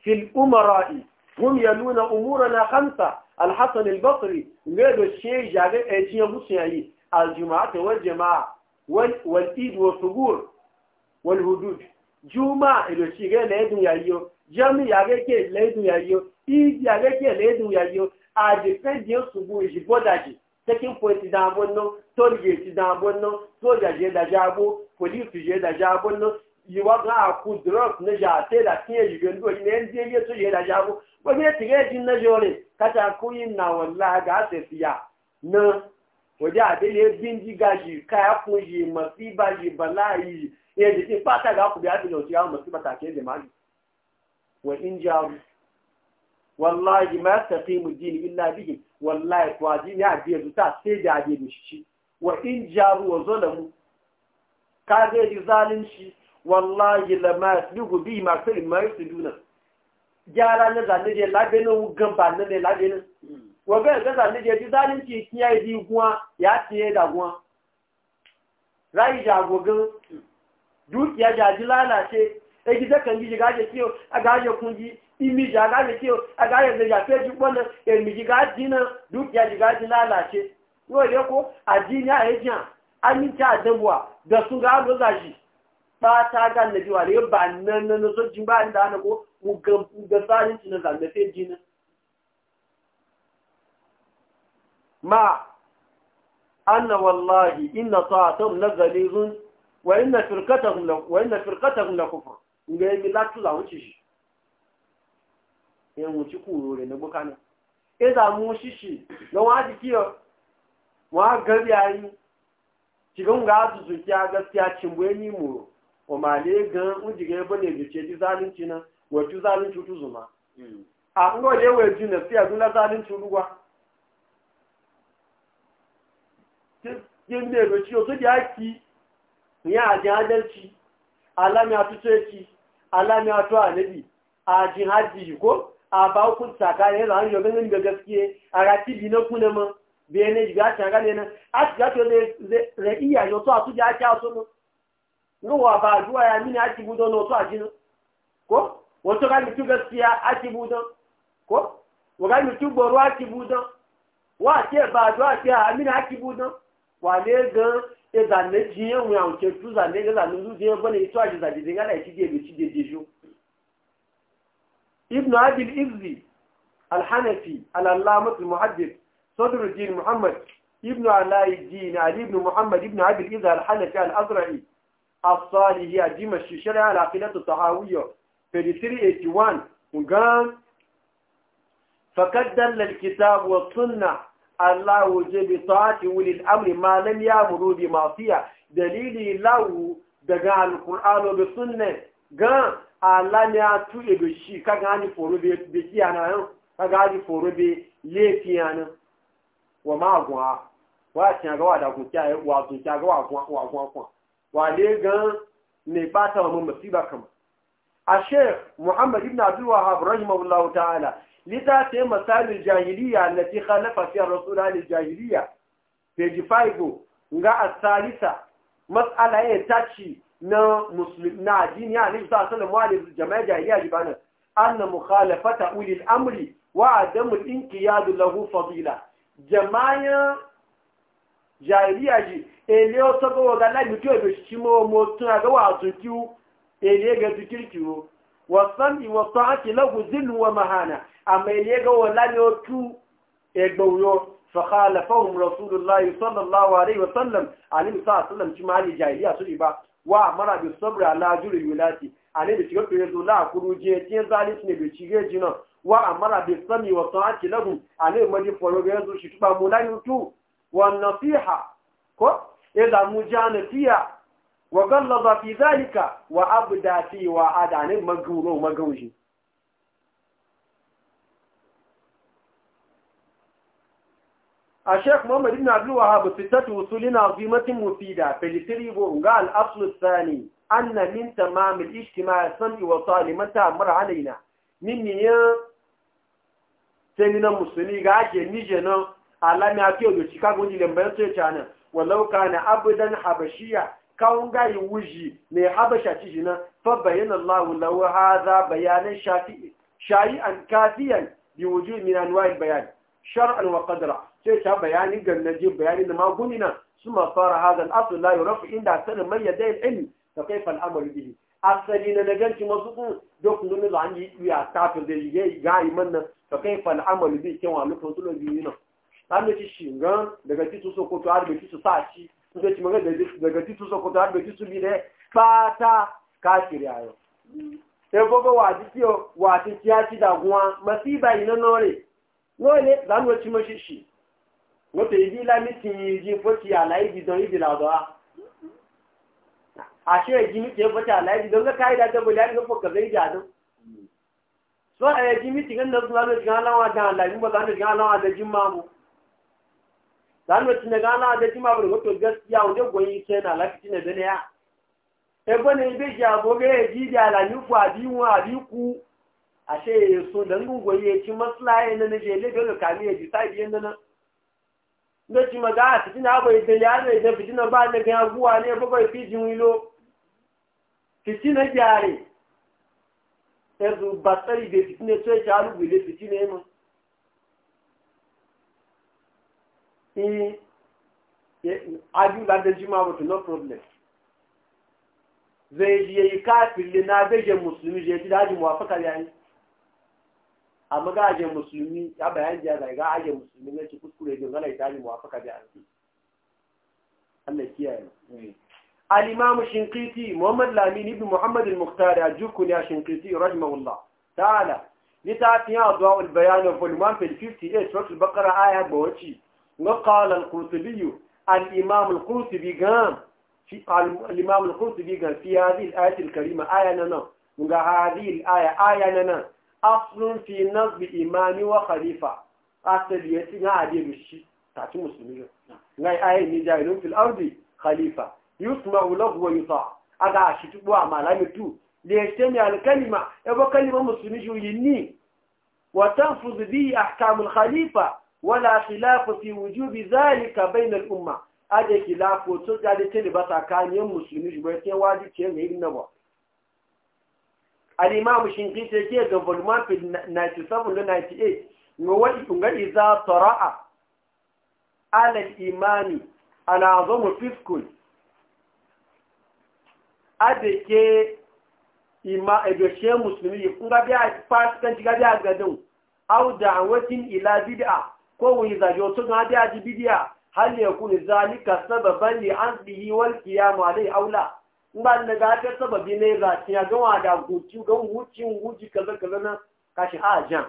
fi al umara'i hum yaluna umurana khamsa al hasan al basri ngado shi jage e eh, tiyan musu yayi al ta wal jama'a wal wal id wa subur والهدود juma ìlòsì rẹ̀ lẹ́ẹ̀dùn yàyíó jẹ́mí yàrẹ́kẹ́ lẹ́ẹ̀dùn yàyíó ìdí yàrẹ́kẹ́ lẹ́ẹ̀dùn yàyíó àdìpẹ́dì òṣùgbò ìṣìbọ́dàjì taking point ìdá abọ́ ná tóòlì ìdá abọ́ ná sóòjàjì ìdájà abọ́ pòlíìsì ìdájà abọ́ ná ìwà kan àkú drug níjà àtẹ́là tí èyí rẹ̀ ló ní ẹni díẹ̀ yẹ́ tó yẹ ìdájà abọ́ wọ́n yẹ tìrẹ́ di nájọ rẹ̀ kájà kó yín nà wọ́n lága àtẹ̀fìyà ná òde àdéhìẹ́ bíndígà yìí káyà fún yìí mọ̀ sí ibà yìí bàlá yìí e jiki fata ga ku biya da yau ya musu matake jama'i wa in jaru wallahi ma mu din illa bihi wallahi to ajini a biya zuta sai da aje shi wa in jaru wa mu. ka ga ji zalunci wallahi lama yasbihu bi ma sai ma yusuduna gyara na zane je labenin gamba na ne labenin wabe ga zane je ji zalunci kiyaye bi guwa ya tiye da guwa rai jagogin dukiya jaji lalace e gida kan ji gaje kiyo a gaje kungi imi ja gaje kiyo a gaje da jafe ji wannan e mi ji gaji na dukiya ji gaji lalace yo yo ko ajini a ejan amin ta dabuwa da su ga go zaji ba ta ga na ji wale ba nan nan so jin ba inda na ko mu ga ga tsarin ci na zanda fe ji ma anna wallahi inna ta'atun nazalizun وإن فرقتهم ل... وإن فرقتهم لكفر ngai mi latu la wuci shi yan wuci kuro ne bu kana e da mu shi shi na wa ji kiyo wa gabi ayi cikin ga su su kiya gaskiya cimbuye ni mu o male ga uji ga e bane da ce ji zalunci nan wa tu zalunci tu zuma hmm. a ngo le we ji na fiya dun zalunci ruwa kin ne ro ci o to di aki ní àjìn adẹ́lci alámi atútúẹ́ci alámi atú ànẹ́bì àjìn hajji yìí kó àbá ó kún sàkà yẹn lọ́wọ́ yóò gẹ́gẹ́ gaskiye ara tí bí náà kún mọ́ bí ẹni jù láti àgá lẹ́nà láti gbà tó rẹ̀ ìyà yóò tó àtúnjẹ àti àtúnmọ́ ní wọ́n àbá àdúrà yà mí ní àti ibùdó náà tó àjìn kó wọ́n tó ká mi gaskiya àti ibùdó kó wọ́n ká mi tú gbòòrò àti ibùdó wọ́n ba ẹ̀bà àdúrà àti àmì ní àti wale gan e zane jiye mu ya nke tu zane ga zane zu jiye bane ito aji zaji dinga da ki gebe ci jeje jo ibnu abil izzi al-hanafi al-allamat al-muhaddith sadruddin muhammad ibnu alaidin ali ibn muhammad ibnu abil izzi al-hanafi al-azra'i الصالحي الدمشقي al العقيدة الطهاوية في 381 وقال فقد دل الكتاب والسنة Allahu je bi ta'ati wulil amri ma lam ya'muru bi ma'siya dalili lawu daga alqur'an wa sunna ga Allah ne a tuye da shi kaga ani foro bi bi kiyana nan kaga ani foro be le ana wa ma gwa wa tiya ga wa da ku kiyaye wa ti kiya ga wa gwa wa gwa kwa wa le ga ne ba ta mu musiba kama a sheikh muhammad ibn abdul wahhab rahimahullahu ta'ala ta littafin masalin jahiliya na fi halafa fiye rasula da jahiliya page 5 ga asalisa matsala ya taci na musulmi na addini ya nufi sa sanin wa da jama'a jahiliya jibanin an na mukhalafata ulil amri wa Adamu ɗinki adamul inqiyadu lahu fadila jama'a jahiliya ji ele o to go ga la mutu e shi mo mo tun ga wa tuju ele ga tukirkiwo wa sami wa ta'ati lahu dhillu wa mahana amele ga wala ne otu egboro fa khalafahum rasulullah sallallahu alaihi wa sallam alim sa sallam ci mali jahiliya su ba wa mara bi sabra ala juri wilati ale da do la kuru je tin zalis ne bi ge jina wa amara bi sami wa ta'ati lahum ale madi foro shitu yanzu shi tuba mulani tu wa nasiha ko idza mujana tiya wa gallada fi zalika wa abda fi wa adane maguro magauji a sheik muhammad ibn abdul wahab fitatu usulin azimatin mufida filitiribo ga al-aslu an anna min tamam al wasu sam'i wa salimata mar alaina min ya musulmi ga ake nije na alami ake odo chicago ni lembar to ya nan walau kana abudan habashiya kawun gayi wuji mai habasha ci jina fa bayyana la'u lahu hadha bayanan shafi'i shayi'an kafiyan biyu wujud min anwa'il shar'an wa qadra sai ta bayani gannaji bayani da magunina suma fara hada al-asl la yurafu inda sanin man yadai al-ilm fa kayfa al-amal bihi asali na naganci masu kun duk nuna da an yi iya kafin da yi ga yi manna fa kayfa al-amal bihi kin wa lokacin tulo biyu nan an da shi ngan daga titu sokoto har da titu saci sai ci magana daga titu sokoto har da titu bi ne fata kafiri ayo sai gogo wa dikiyo wa tin ciya ci da guwa masiba ina nore lóòlé lánàá tí mo ṣe ṣì wọ́n tèyí bí lámì ti yìí ìjì fọ́tì àlàyé ìdìdàn ìdì làdọ́ a àṣẹ ẹ̀jí mi tèyí fọ́tì àlàyé ìdìdàn ló káyìí dájọ́ bọ̀lẹ́ àti lọ́pọ̀ kẹfẹ́ ìjà sọ mi tún aláwọ̀ àdán àlàyé aláwọ̀ àdẹ́jú máa mu aláwọ̀ àdẹ́jú máa lọ́tọ̀ ashe ya so don gungun ya ci maslaye na nije lebe da kami ya jisa biyan da na da ci maga a cikin abai da ya mai da jina ba na ga guwa ne ba bai fi jin wilo na gyare yanzu ba tsari da fitina so ya ci halu gwile fitina ya mu aju ladan jima wato no problem zai yi kafin na gajen musulmi je ji daji muwafaka yayin amma ga ajiyar musulmi ya bayan jiya zai ga ajiyar musulmi na ce kuskure jin zana ita ne muwafaka da an fi Allah kiyaye al-imam shinqiti muhammad lamin ibn muhammad al-muqtar ajuku ya shinqiti rahimahullah ta'ala litafi ya zuwa al-bayan of volume 58 sura al-baqara aya bawaci wa qala al-qurtubi al-imam al-qurtubi gam fi al-imam al-qurtubi gam fi hadhihi al-ayat al-karima aya nana ga hadhihi al-aya aya nana أصل في نصب إيماني وخليفة أصليتي نعدي بشي تاتي مسلمين نعي نعم. آية نجاين في الأرض خليفة يسمع له ويطاع أدعى شتوب وعمال أمتو ليجتمع الكلمة يبقى كلمة مسلمين شو يني وتنفذ به أحكام الخليفة ولا خلاف في وجوب ذلك بين الأمة أدعى خلاف وتسجد تلبس أكان يوم مسلمين شو بيسي وادي تيام هيد النبوة alimamu shinkita yake ga volume 97 da 98 ga wani kungari za tara'a alal imani al'azamu fiskul adake ima edoshe musulmi kunga biya fasikanci ga biya gadon au da an watin ila bid'a ko wani zaje wato ga biya ji bid'a hal yakun zalika sababan li azbihi wal qiyam alai aula ba da ga ta sababi ne za ki ya gawa da guci gan wuci wuci kaza kaza na kashi hajan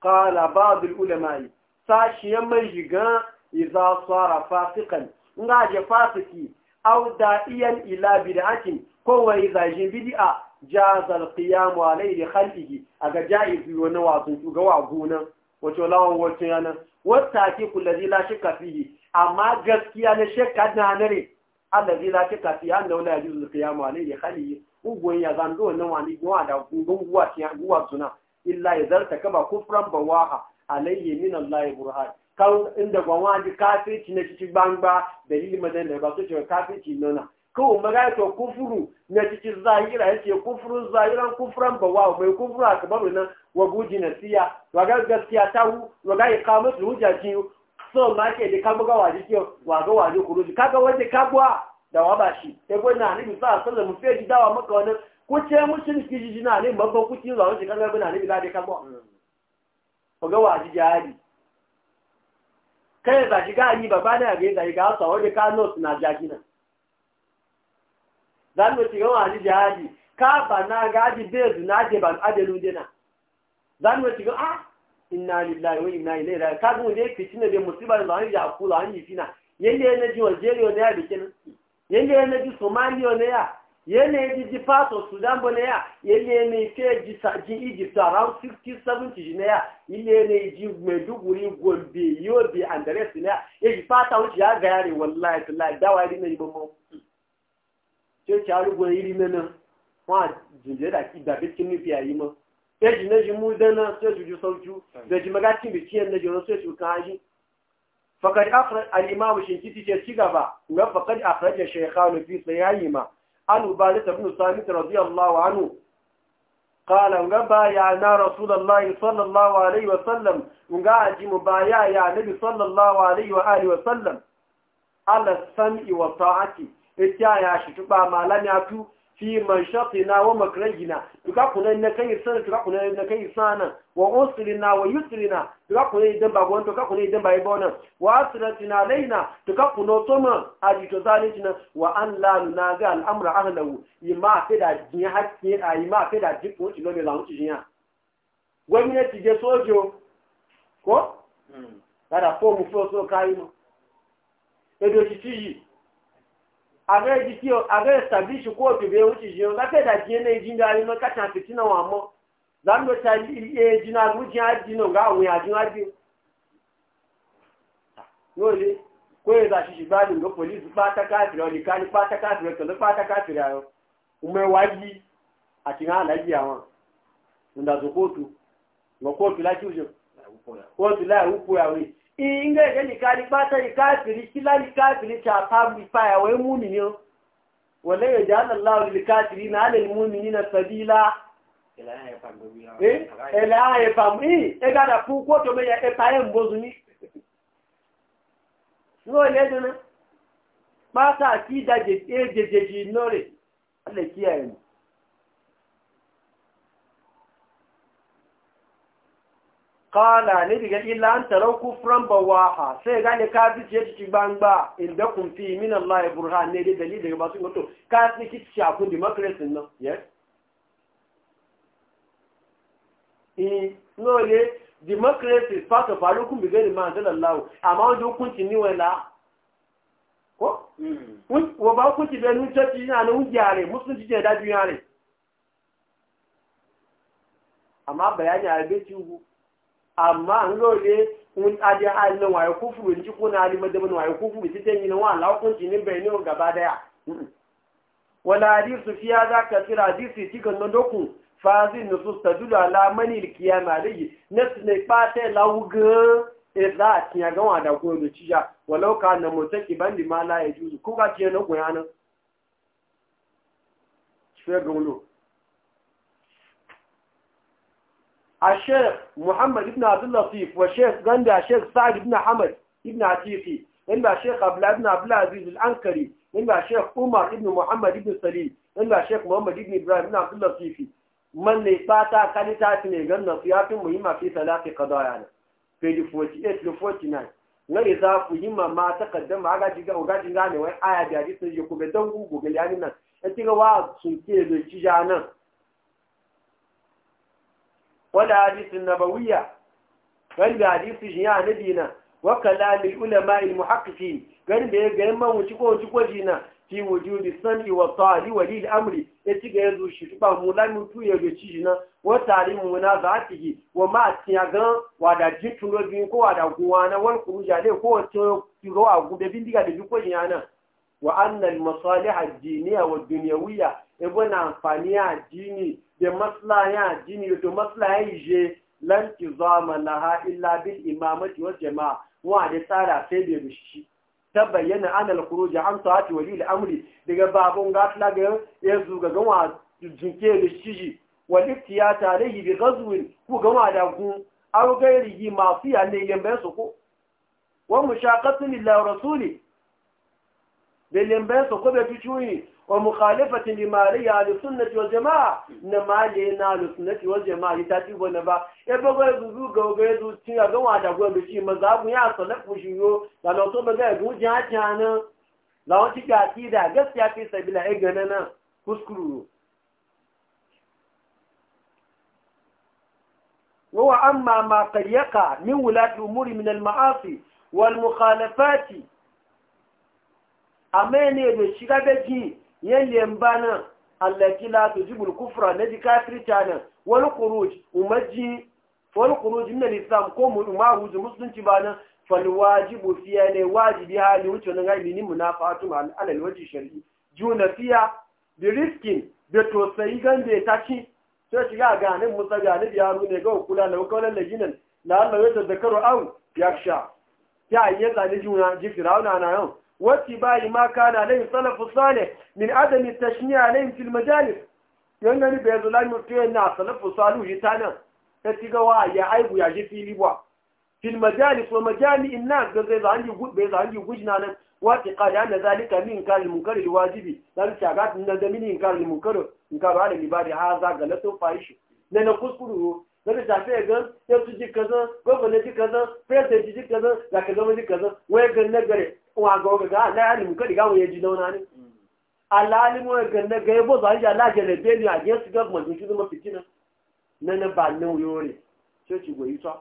qala ba'd al ulama sashi ya mai shiga idza sara fasiqan nga je fasiki aw da'iyan ila bid'ati ko idza ji bid'a jaz al qiyam alayhi khalqihi aga jaiz wani wasu ga wa gona wato lawan wato yana wata ki kullazi la shakka fihi amma gaskiya ne shakka na ne alladhi la ta kafi an da wala yuzu qiyamu alayhi khali ugun ya zando nan wani gwa da gugun guwa tiya gwa suna illa yadarta kama kufran bawaha alayhi min allahi burhan kan inda gwan ji kafirci na cikin gbangba dalili madan da ba su ce kafirci nana kawai magana to kufuru na cikin zahira yace kufuru zahiran kufuran bawa mai kufuru a kabaru nan wa guji na siya wa gaskiya ta hu wa ga iqamatu hujjaji so ma ke da waje ke waga waje kuruji kaga waje kabuwa da shi sai na ni sa sallan ji dawa maka wani ko ce mu shin ji na ne babban kuci za wuce kaga ni ga da kabuwa mm. ko ga waje jari kai ga ni baba na ga da ga sa waje ka no na dan ga waje jari ka ba na bezu na inna lillahi wa inna ilaihi raji'un ka gun dai fitin da musibar da zan ya kula an yi fina yanda na ji Algeria ne ya bikin yanda na ji Somalia ne ya yanda ji ji Faso Sudan ne ya yanda ne ke ji Saji Egypt around 60 70 ne ya yanda ne ji Maiduguri Gombe Yobe and the rest ne ya ji fata wuce ya ga yare wallahi billahi dawa yi ne ba mu ce ci arugo iri nan wa jinjira ki da bikin fi ayi mu sai na ji mu dana sai su ji sauki da ji magacin bikiyan na jiro sai su kaji fakad akhraj al-imam shinkiti ce ci gaba ga fakad akhraj shaykhan fi sayayima an ubadat ibn samit radiyallahu anhu qala ga ya na rasulullahi sallallahu alaihi wa sallam ga aji mu baya ya nabi sallallahu alaihi wa alihi wa sallam ala sam'i wa ta'ati ita ya shi tuba malami atu fi manshatina wa makrajina tuka kuna na kai sana tuka kuna na kai sana wa usrina wa yusrina tuka kuna idan ba gon tuka kuna idan ba ibona wa asratina na tuka kuna toma aji to zalitina wa an na la naga al'amra yi ma fe da jin hakki a ima fe da jin ko tilo ne la mutu jinya gwamnati je sojo ko kada hmm. fo mu fo so kai mu edo titi ààrẹ di tí ààrẹ ìsàbíṣù kó òkèèrè ji jẹun lápẹ́dà jẹ́ ní ìjìn ní arímọ́ káàkiri àti tínà wọn mọ́ lámọ́ta ilé ìjìn àgújì àdínà ga àwọn àdínà àdí lóòlé kó èrò àṣìṣe bá lè lọ pọ̀lísì pátákáàkiri ọ̀nìká kpa pátákáàkiri ọ̀tọ̀lọ́ pátákáàkiri àrọ ọmọ ẹwà inga ẹ̀jẹ̀ nìkan ní pátá ìkáàkiri kílá nìkáàkiri tí a pàbí fàyà wọ́n mú mi ní o wọ́n lẹ́yìn aláwọ̀ nìkáàkiri náà lè mú mi ní na sàbílá ẹ̀lẹ́ ààyè pàmù yìí ẹgbàdà fún kóòtò kala ne diga illa an tarau kufran bawaha sai gane kafirci ya ci gbangba inda kun fi min Allah burhan ne dalili daga masu wato kafirci ki shafin democracy nan yes e no le democracy part of our man Allah amma wanda hukunci ni wala ko hmm. wa ba hukunci da nun tafi ina a bai amma an zo ne un ade halin waye kufuru ji kuna ali madaban waye kufuru ji tan yin wa lakunci nin bai ne gaba daya wala hadithu fi hadha kathira hadithi tikan nan doku fazi nusus tadulu ala mani alqiyama alayhi nas ne pate lawga idza e tiya gan wa da ko do cija walau ka na mutaki bandi ma la yajuzu kuka tiya na goyana shi ga gulo الشيخ محمد ابن عبد اللطيف والشيخ غندي الشيخ سعد بن حمد بن عتيقي إن الشيخ عبد الله بن عبد العزيز الأنكري إن الشيخ عمر بن محمد ابن سليم إن الشيخ محمد ابن إبراهيم بن عبد اللطيف من لي فاتا كانت تاتني غن نصيحة مهمة في ثلاث قضايانا في 48 ل 49 فهم ما تقدم على جيجا وغادي غاني وين آية جاري سيجي كوبي دونغو غوغل يعني نا يعني، سنتي لو تيجانا wala hadisin nabawiyya gani da hadisi shi ya nabi na wa kalamil ulama al gani da ga man wuci ko wuci ko jina fi wujudi sami wa tali wa lil amri ya ga yanzu shi ba mu la tu ya ci jina wa tali mu na zatihi wa ma tiya ga wa da jitu no bi ko wa da guwa na wal kuruja le ko to ro a gube bindiga da bi ko jina wa anna masalihar masalih diniya wa dunyawiyya ebe na amfani addini da jini addini wato maslahan ije lan tizama laha illa bil imamati wal jama'a wa da tsara sai da bishi ta bayyana an al-khuruj an wali al-amri daga babun gatla ga yanzu ga gawa jinke da shiji wal iftiyata alayhi bi ghazwin ku gawa da ku aw gairihi ma fiya ne yan bayan su ko wa mushaqatun lillahi rasuli belin bayan su kobe fi cuyi wa mukhalifatin limariya a lissunati wa jama'a na mali na lissunati wa jama'a ya tafi wani ba ya bugu ya zuzu ga ogoye zuci a gan wata gwa da shi mazabu ya sa na kushi yo da na to bugu ya guji a jana na wani ga tida gaskiya fi sabila ya gana na kuskuru wa amma ma qaryaka min wulati umuri min al ma'asi wal mukhalafati amma ne da shiga daji yalyen bana allati la jibul kufra na ji kafirta nan wal khuruj umaji wal khuruj min al-islam ko mu umaru musulunci bana fal wajibu fiya ne wajibi hali wuce nan ga ni munafatun al alwaji shar'i juna fiya bi riskin da tosai da ta ci sai shiga ga nan musa ga ni ya ne ga kula da kawalan lajinan la Allah ya tadhakaru au yaksha ya yi zane juna ji firawuna na yau واتباع ما na عليه السلف الصالح من عدم التشنيع عليهم في المجالس yangani bai zo lai mutu yana salafu salu hitana ta tiga wa ya aibu ya ji fili ba fil majalis wa majali inna ga zai zangi bai zangi gujna nan wa tiqadi anna zalika min kal munkar al wajibi dan shagat nan da min inkar al munkar inkar ala libadi haza galatu faishi nan kuskuru zai tafi gan ya su ji kaza gwamnati kaza fesa ji kaza da kaza ji kaza wai gan nagare wa ga ga ga la alim ka diga mu yaji dauna ne alalim wa ga na ga yabo za ya la jele be ni against government shi zuma fitina na na ba ne yore ce ci goyi ta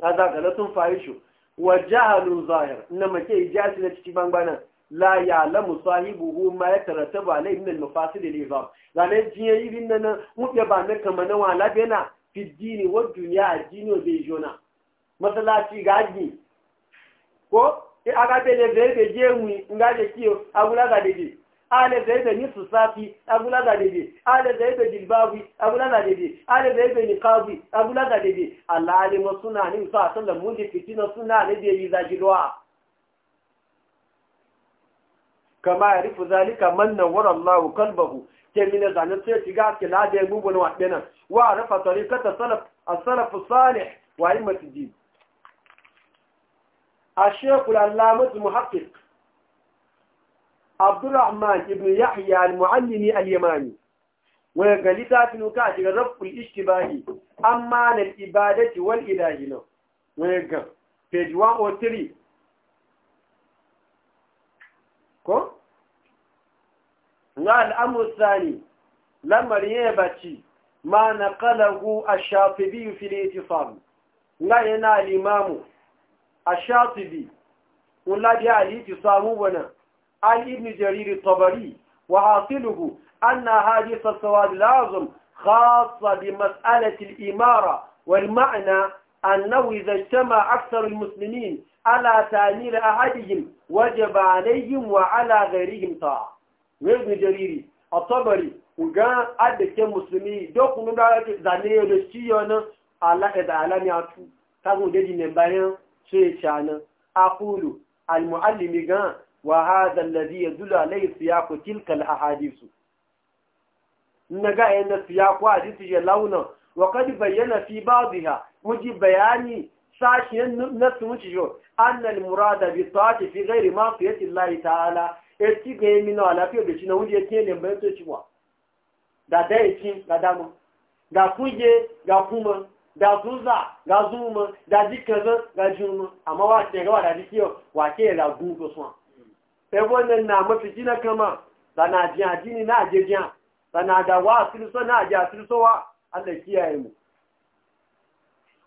kaza ga latun fahishu wa jahalu zahir na mace ijasi na cikin bangbana la ya la musahibuhu ma ya tarattaba alai min al-mafasid al-izam zane jiye irin na mu ya ba na kama na wala bena fi dini wa dunya ajino be jona masalaci gaji ko akapele zebe jemwi ngaje kiyo abulaga dede ale zebe ni susafi abulaga dede ale zebe jilbabi abulaga dede ale zebe ni kabi abulaga dede Allah alimu suna ni sa sallam mundi fitina suna ne da yi zajirwa kama yarifu zalika man nawwara Allahu qalbahu ke mina zanin sai shiga ke lade gugun wa dinan wa rafa tariqata salaf as-salaf salih wa ilmatul din الشيخ العلامة المحقق عبد الرحمن ابن يحيى المعلمي اليماني ويقلتا في نكاش رب الاشتباه أما للإبادة والإله ويقل في جوان ko? na al'amur sani lamarin ya baci ma na kalagu a shafi biyu fili itifamu na الشاطبي والذي عليه تصامونا عن ابن جرير الطبري وعاصله أن حديث السواد العظم خاصة بمسألة الإمارة والمعنى أنه إذا اجتمع أكثر المسلمين على تأمير أحدهم وجب عليهم وعلى غيرهم طاعة ابن جرير الطبري وقال أدك المسلمين دوكم نبعك زميل الشيون على إذا علم يعطوا تقول جدي من بيان sai canin akulu almuallimi gan wa hadha alladhi yadullu alayhi siyaqu tilka alahadith naga yana siyaqu hadisi ya launa wa qad bayyana fi ha muji bayani sashiyan nasu muci jo annal murada bi taati fi ghairi ma qiyati allahi ta'ala eti ge min ala fi shi na wuje tiene mbe to chiwa da dai chin da dama. da fuje da kuma da tuza ga zuma da jikaza ga juma amma wa ke gawa da dikiyo wa ke da gugu suwa sai wannan na mafi jina kama da na jiya jini na je jiya da na da wa sirso na je so, wa Allah kiyaye mu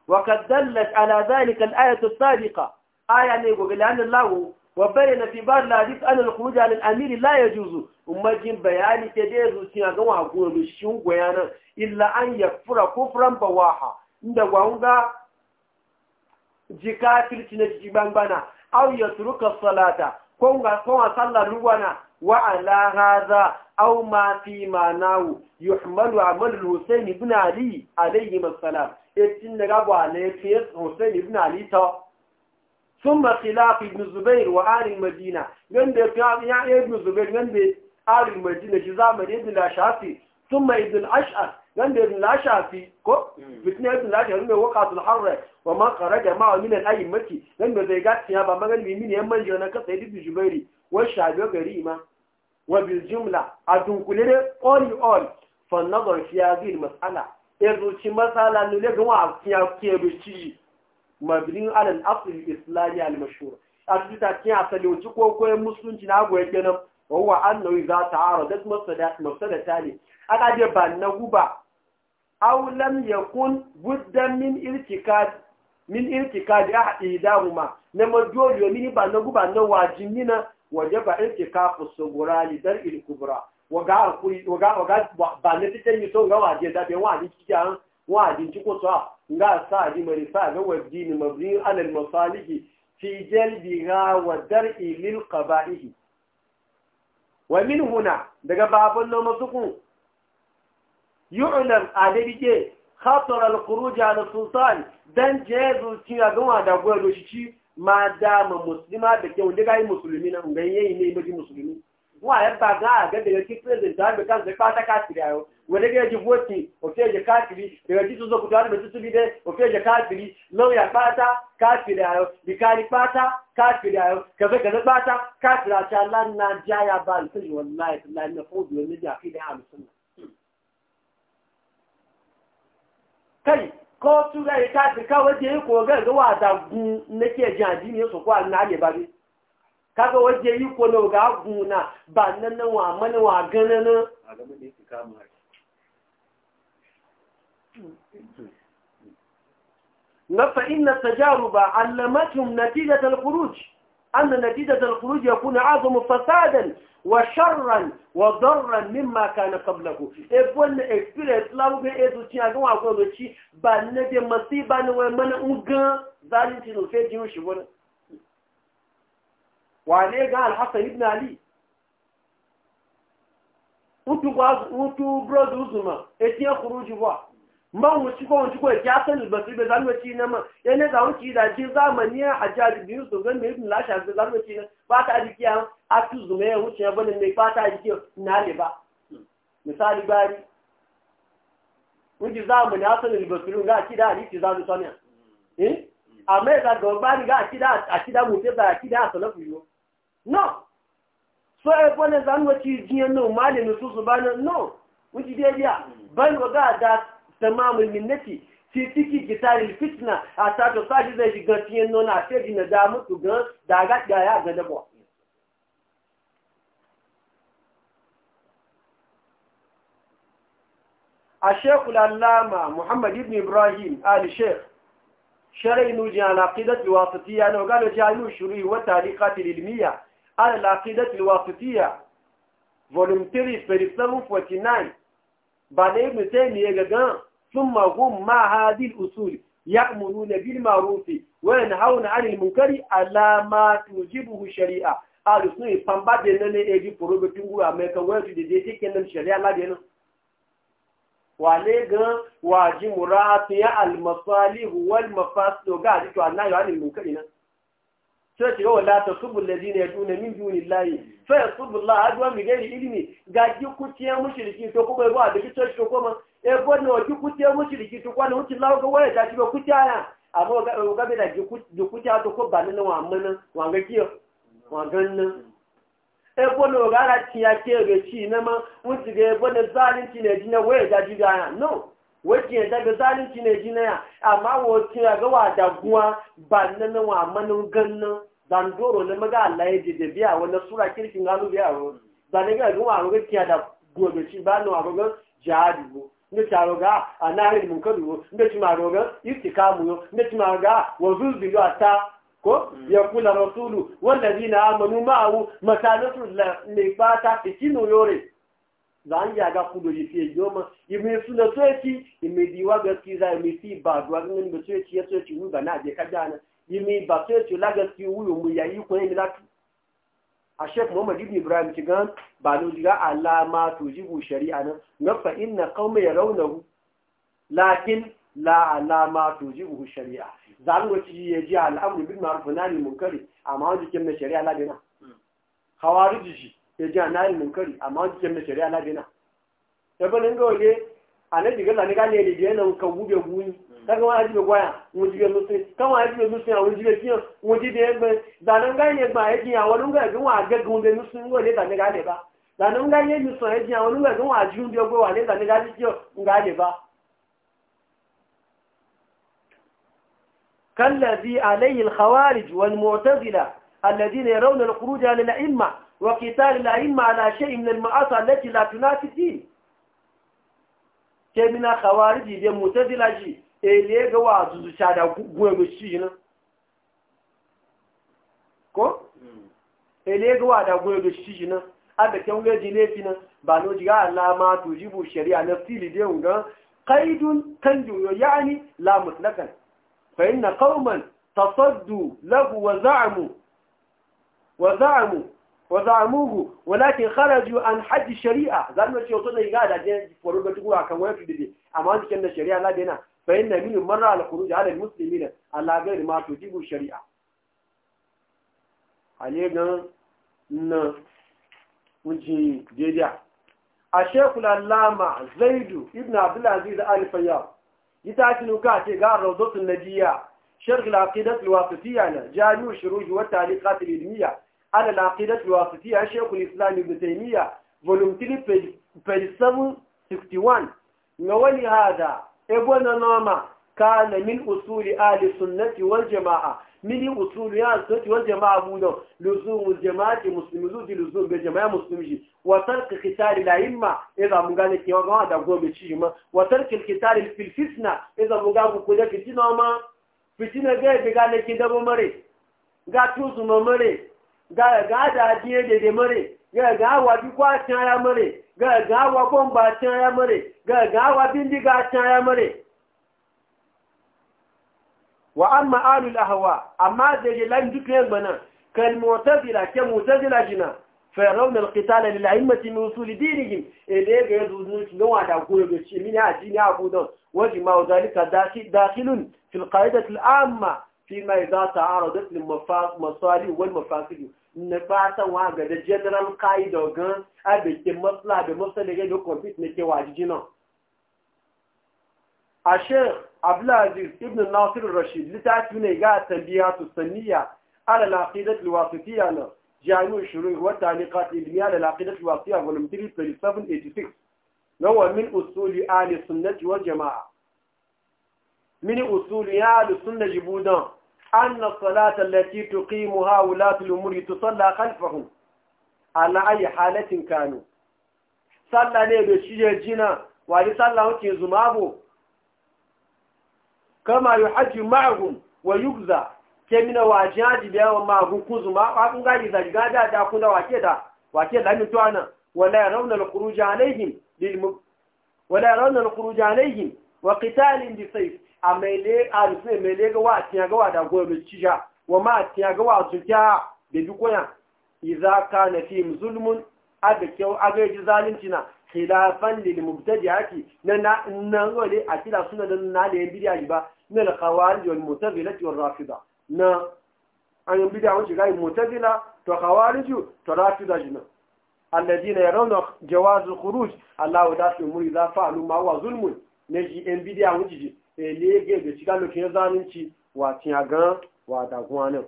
wa kad dallat ala zalika al-ayatu as aya ne gobe lan Allah wa bayyana fi ba'd al-hadith an al-khuruj ala al-amir la yajuzu ummajin bayani ke da zuciya ga wa gobe shin goyana illa an yakfura kufran bawaha inda gwaunga ji kafirci na jiki bambana au ya turuka salata konga konga sallar ruwana wa ala hadha au ma fi ma nawu yuhmalu amal husayn ibn ali alayhi assalam etin da ba ne ke husayn ibn ali ta ثم خلاف ابن زبير وآل المدينة عند يا ابن زبير عند آل المدينة جزاء من ابن الأشعثي ثم ابن الأشعث nan da la shafi ko hmm. fitna yadda la shafi ne waqatul harra wa ma kharaja ma min al maki nan da zai gati ya ba magan bi min yan manjo na kasa ibn jubairi wa shabi gari ma wa bil jumla a dunkule ne all in all fa nazar fi hadhihi al mas'ala yazo ci masala ne le gwa ya ke bi ci mabrin ala al asl a islami al mashhur asbita ki asali wuci ko ko musulunci na goye kenan wa huwa annahu idza ta'aradat ta ne aka je ba na guba aw lam yakun buddan min irtikad min irtikad ahidahuma na majojo mini ba na guba na wajin nina waje ba irtikafu sugura li dar il kubra waga kuri waga waga ba na titan yi to ga waje da be wani kiyan wajin ci ko so nga sa di mari sa ga wajin mabni ala al masalih fi jalbiha wa dar'i lil qaba'ih wa min huna daga babun no masukun yu'lam adirge khatar al-khuruj ala sultan dan jezu ci ga gwa da gwa do shi ma da ma muslima da ke wanda gai musulmi na ngai yayi ne maji musulmi wa ya ba ga ga daga ki president da kan sai fata ka tiri ayo wanda ga ji voti o ke je kafiri da ji su zo ku tare da su bide o ke je kafiri lawyer ka kafiri ayo bikari fata kafiri ayo kaza kaza fata kafira ta Allah na ya ba alfi wallahi billahi na fudu ne da fi da al-sunna kai ko su ga ta duka waje ko ga ga wa da gu nake ji ne su ko na ne ba kaga waje yi ko na ga gu na ba nan nan wa mana wa ganana ga mun da yake kama na fa inna tajaruba allamatum natijata khuruj أن نتيجة الخروج يكون عظم فسادا وشرا وضرا مما كان قبله إفوان إكسبيرينس لا بد إيزو تي أجمع أقول شيء بان دي مصيبة ومن أوغان ذلك نفيد يوشي ولا وعليه قال الحسن ابن علي وتو بروز وزما إتيان خروج واحد mawu wuci ko wuci ko e ya san basri bai zan wuci na ma ya ne ga wuci da ji zamani a da biyu su gan mai ibn lasha bai na ba ta jiki ya a tu zume ya wuce bane mai ba ta jiki na ne ba misali bari wuci zamani hasan basri ga kida da ci za su sanya eh amma ga ga bari ga kida a kida mu ce da kida a salafu yo no so e bane zan ci jiyan no mali nusu su bane no wuci dai ya bango ga da tamamul minnati ti tiki gitaril fitna a ta to sa zai shiga tiyan nona sai jina da mutu ga da ya ga a shekul allama muhammad ibn ibrahim ali shek sharai nuji a laƙidat wasitiya na gano jayu shuri wa tariƙat ilmiya ala laƙidat wasitiya volume 3 3749 ba da ibn taymiya ga gan ثم هم مع هذه الأصول يأمرون بالمعروف وينهون عن المنكر على ما توجبه الشريعة أهل السنة فنبا ديننا إيجي فروبة تنقو أمريكا ويجي دي دي كنن الشريعة لا دينا وعليك واجي مراتي المصالح والمفاسد وقاعد يتوى النهي عن المنكر sai ce wala ta subu ladina yaduna min dunillahi fa yasubu Allah adwa mi gairi ilmi ga ki kuciya mushriki to kuma ba da kici ko kuma ebo na oji kuce mushi da kitu kwanan wucin lauka waya ta ci ba kuce ana amma ga da jikuce ta ko ba nan wa mana wanga kiyo wa nan ebo na ogara ci ya ke ga ci na ma wuci ga ebo na zalunci ne jina waya ta ci ga no wajen yadda ga zalunci ne jina ya amma wacin ya ga wada guwa ba nan wa mana gannan zandoro na maga Allah ya jide biya wannan sura kirkin gano biya wa zane ga ga wa ga kiya da gobe ci ba na wa ga jihadi nde charoga anahil munkaru nde chimaroga istikamu nde chimaroga wazuzbilu ata ko mm. yakula rasulu wallazina amanu ma'ahu matanatu ne fata tikinu yore zan ga kudo yi fiye imesuna ime su na tsoci ime diwa gaski za ime fi ba duwa ganin da tsoci ya tsoci wu ba na je ka jana ime ba tsoci la wu mu ko ime la a shek muhammad ibn ibrahim ki gan ba no diga alama to jibu shari'a nan gafa inna qauma yarawnahu lakin la alama to jibu shari'a zan go ci ya ji al'amru bil ma'ruf wa nahy munkari amma ji kin shari'a la bina khawariji ji ya ji nahy munkari amma ji kin shari'a la bina da banin gole a ne ka la ne ga ne da yana kan gube kaga wani ajiye gwaya wọn jibe lusin ajiye lusin a wọn jibe fiyan wọn jibe egbe yi gba eji a wani ga egun wa agagun be lusin ngo le zane ga le ba zanen ga lusin eji a wani ga egun wa ajiyun bi ogbe wa le zane ga jiyo nga le ba. كالذي عليه الخوارج والمعتزلة الذين يرون الخروج على الأئمة وقتال الأئمة على شيء من المعاصي التي لا تنافي الدين. كمن خوارج دي ele eh, ga wa azuzu cha da gwe shi na ko hmm. ele eh, ga wa da gwe shi na abe kan ga jine fi na ba no jiga alama tujibu shari'a na fili de unga qaidun kan juyo yani la fa inna qauman tasaddu lahu wa za'amu wa za'amu wa za'amuhu walakin kharaju an haji shari'a zan ce to ne ga da jin foro ga tuwa kan wani fili amma cikin da shari'a la dena فإن من مر على الخروج على المسلمين على غير ما تجيب الشريعة علينا ن ونجي جيجا الشيخ العلامة زيد ابن عبد العزيز آل فياض يتاكل وكاتي قال روضة النجية شرح العقيدة الواسطية جامع الشروج والتعليقات العلمية على العقيدة الواسطية الشيخ الإسلام ابن تيمية فولوم 3 بيج 761 هذا ebona noma kana min usuli ahli sunnati wal jamaa min usuli ya sunnati wal jamaa buno luzumu jamaati muslimu zuti luzumu be jamaa muslimi wa tark qitali la imma idha mungane ki wa da be chima wa tark qitali fil fitna idha mungabu kuda fitina noma. fitina ga be ga da kidabo mare ga tuzu mare ga ga da die de de mare gaga bi kwa can ya mare gaga bomba can ya mare gaga bindi bindiga can ya mare wa amma al ahwa amma da duk dukkan bana kal mu'tazila ke mu'tazila jina fa yarawna al qitala lil a'immati min usul dinihim ile e ga yuzun ga wada ko ga shi min ha jini abu don waji ma zalika dakhilun fil qa'idati al amma fi ma idha ta'aradat lil mafasid wal mafasid na fatan wa ga da general kaido gan abeke masla da masla da gaido compete ne ke wajiji nan a sheikh abdulaziz ibn nasir rashid littafi ne ga tambiya su saniya ala laqidat alwasitiyya na jami'u shuruh wa taliqat ilmiya ala laqidat alwasitiyya volume 3 page 786 nawa min usuli ahli sunnati wal jamaa min usuli ahli sunnati budan أن الصلاة التي تقيمها ولاة الأمور تصلى خلفهم على أي حالة كانوا صلى نيبه شيء جنا وعلي صلى وكي زمابه كما يحج معهم ويجزى كمن واجهاد بيان معهم كزما وعقم غالي ذلك هذا داخل وكذا وكذا نتوانا ولا يرون الخروج عليهم للم... ولا يرون الخروج عليهم وقتال بسيف amele alifu emele ga wa tiya ga wa da gobe be cija wa ma tiya ga wa zuja da dukoya idza kana fi zulmun abekyau agaji zalunci na khilafan lil mubtadi'ati na na nan gole a kira suna da na da bidiya ba na al khawarij wal mutazilati wal rafida na an bidiya wuce ga mutazila to khawarij to rafida jina alladina yarawna jawaz al khuruj Allah da su muri za fa'alu ma wa zulmun naji en bidiya wuce elege da shiga lokacin zalunci wa tiyagan wa daguwa nan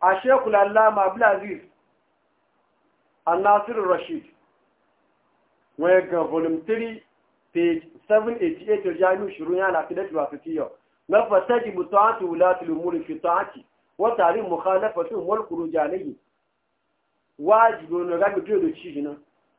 a shekul allama abdulaziz annasir rashid wọ́n gan volume 3 page 788 ìrìnàmì ìṣòro yánà àfilẹ́tì wà fìtí yọ mẹ́fà tẹ́jì mùtọ́ àti wùlá tìlùmúrì fìtọ́ àti wọ́n tàrí mùkálẹ́fà tí wọ́n kúrò jà lẹ́yìn wájìlónà rágbẹ̀tí òdò ṣíṣì náà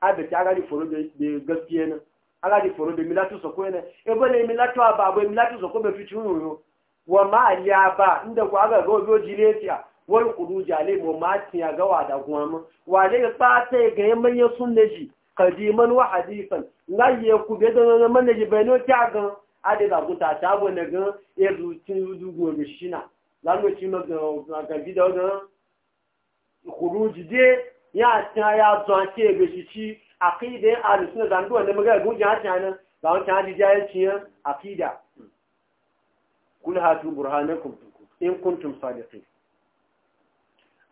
abeti aga di foro be gaskiya na aga di foro be milatu soko ne ebe ne milatu aba abu milatu soko be fitu yo wa ma ya ba inda ku aga go go jiletia wal kudu alai mu ma tiya ga wa da kuma mu wa le ba ta ga yamman ya sunne ji qadiman wa hadithan ngaye ku be da man ji bayno ta ga ade da guta ta bo ne ga e du tin du go be shina lan go chi no ga ga video ga khuruj de ya tiya ya zuwa ke gashi shi aqida a rusuna zanduwa da magana gojin hati hannun ba wani kan hajjiya ya ciye aqida kul hatu burhanakum in kuntum sadiqin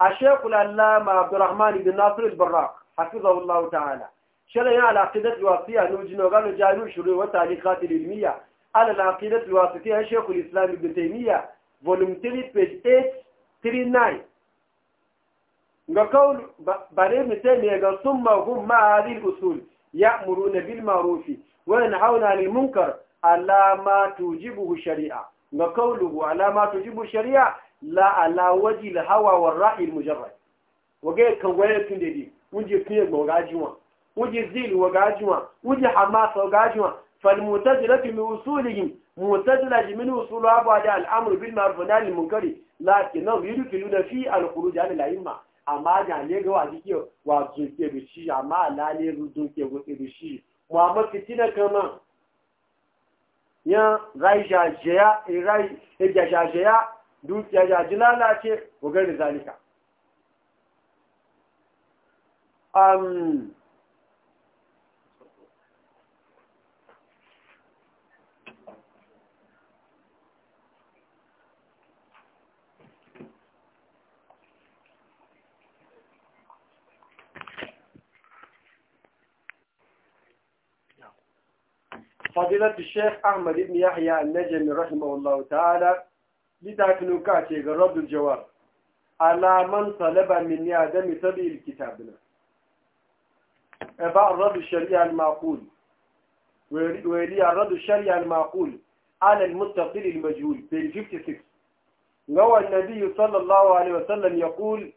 الشيخ العلامة عبد الرحمن بن ناصر البراق حفظه الله تعالى شرع على يعني عقيدة الواسطية نوجد وقال جامع الشروع والتعليقات العلمية على العقيدة الواسطية شيخ الإسلام ابن تيمية فولوم 3 page 839 ga kawul bare misali sai ne ga summa hum ma hadhihi usul ya'muruna bil ma'ruf wa hauna 'anil munkar ala ma tujibuhu shari'a ga kawluhu ala ma tujibu shari'a la ala waji al hawa war ra'i al mujarrad wage kan waye tun da di wuje kiye go gajiwa wuje zil wa gajiwa wuje hamasa wa gajiwa fal mutajilatu min usulihim mutajilatu min usulu abada al amr bil ma'ruf wa nahy al munkar lakin yudkiluna fi al khuruj an al a'imma amma ne ga wa jikiyo wa zuke da shi amma lale rudu ke gutsi da shi muhammad fitina kama ya rai e rai e eh, jajeya dukiya jaji ce ko gari zalika um فضيلة الشيخ أحمد بن يحيى النجمي رحمه الله تعالى لذلك نكاتي رد الجواب على من طلب من عدم تبع كتابنا أبا الرد الشريعة المعقول ويلي الرد الشريعة المعقول على المتصل المجهول في 56 قال النبي صلى الله عليه وسلم يقول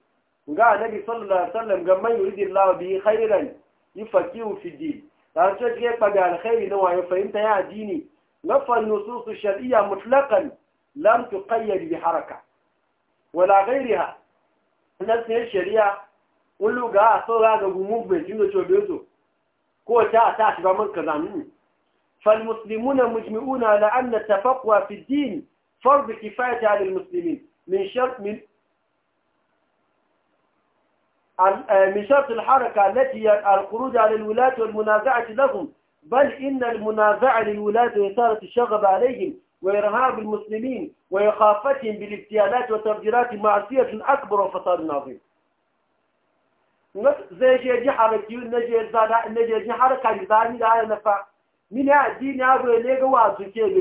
قال النبي صلى الله عليه وسلم قال من يريد الله به خيرا يفكيه في الدين تارجع جيك بقى الخير نوع فهمت يا ديني نفى النصوص الشرعية مطلقا لم تقيد بحركة ولا غيرها نفس الشريعة قلوا جاء صورة قموك بجنة شبيته كو تاع تاع شبه من كذا فالمسلمون مجمعون على أن التفقه في الدين فرض كفاية على المسلمين من شرط من آه، من شرط الحركة التي هي الخروج على الولاة والمنازعة لهم بل إن المنازعة للولاة وإثارة الشغب عليهم وإرهاب المسلمين ويخافتهم بالاغتيالات وتفجيرات معصية أكبر وفصال عظيم زي جي جي حركة نجي je نجي جي حركة ji لا ينفع من الدين na fa وعزوكي addini abu ne ga wazu ke ga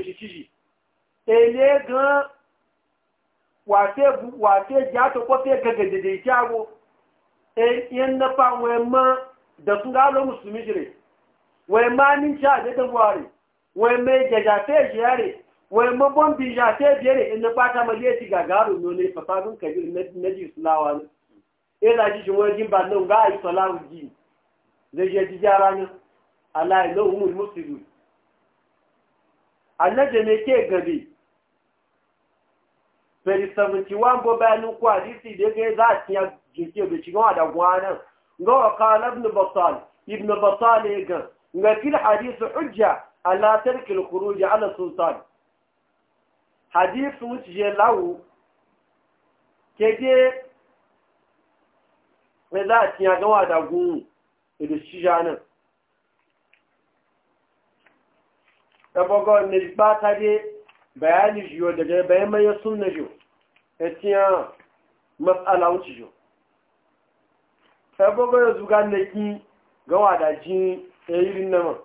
shi Eh, yan na fa ma da sun galo musulmi jire wai ma nin sha da buhari wai mai jajafe jiyare wai ma bombi jafe jiyare in na fata ma maliyati gagaru no ne fasadun kabir na ji sulawa ne eh da ji shin wajen ba nan ga ai salamu ji zai je ji jara ne Allah ya lahu mul muslimin Allah da ne ke gabe Pẹ̀lú 71 bó bá ẹnu kó àdísì ìdégé láti jirke da cikin wada gwanan ga wa kala ibn battal ibn ya ga ga fil hadisu hujja ala tark al khuruj ala sultan hadisu wuce je lawo keje mai za a tiya ga wada gun ido shi janan ɗabagon ne ba ta je bayani jiyo daga bayan mai sun jiyo ya tiya matsala wuce jiyo sabogo ya zuga na ki ga wadaji ya yi rin nama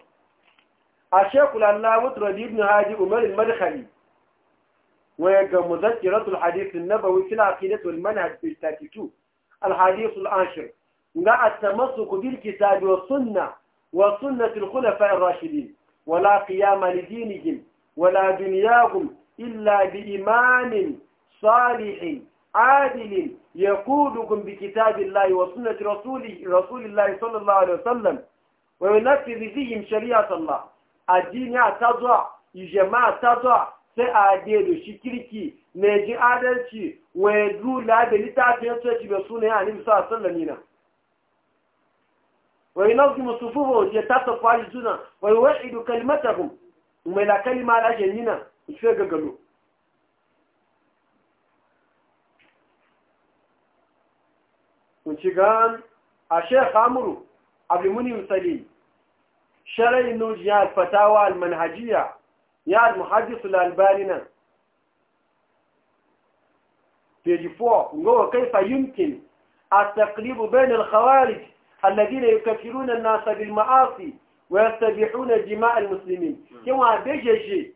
a shekul allah mutu radi ibn haji umar al-madkhali waya ga muzakkiratul hadith an-nabawi fil aqidah wal manhaj fi 32 al-hadith al-ashir ga at-tamassuk bil kitab wa sunnah wa sunnah al-khulafa ar-rashidin ولا قيام لدينهم ولا دنياهم إلا بإيمان صالح عادل يقودكم بكتاب الله وسنة رسول, رسول الله صلى الله عليه وسلم وينفذ فيهم شريعة الله الدين يعتضع يجمع تضع سأعدل شكرك نجي عدلك ويدلو لعب لتعطي أنتك بسنة عن النبي صلى الله عليه وسلم وينظم صفوفه يتصف على الجنة ويوحد كلمتهم وملا كلمة على جنينة مش فيه قلوب ونشيغان الشيخ عمرو عبد المنعم سليم شرع النوجيا الفتاوى المنهجية يا المحدث الألباني page 4 كيف يمكن التقريب بين الخوارج الذين يكفرون الناس بالمعاصي ويستبيحون دماء المسلمين كما بيجي شيء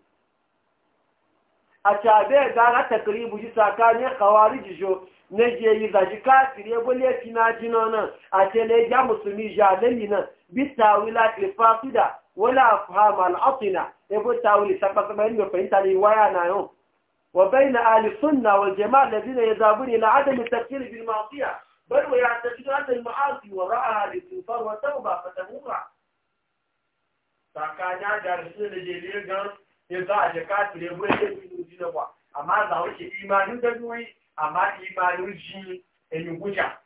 أتابع da na takribu ji tsakanin khawarij نجي neje yizajika kiriego ne kinajina na atele jamu sumi jadelina bitawila kifatida wala afham alatina ebo tawili sapasama ni mpenta riwaya nayo وبين اهل السنه والجماعه الذين يذهبون الى عدم التفكير بالمعصيه بل ويعتقدون ان المعاصي وراءها الاستغفار والتوبه فتمر فكان يدرس لجيليغان يزعج كاتب يقول لك في الدنيا اما ذا وجه ايمان تدوي amma imanin ji ɗin guja.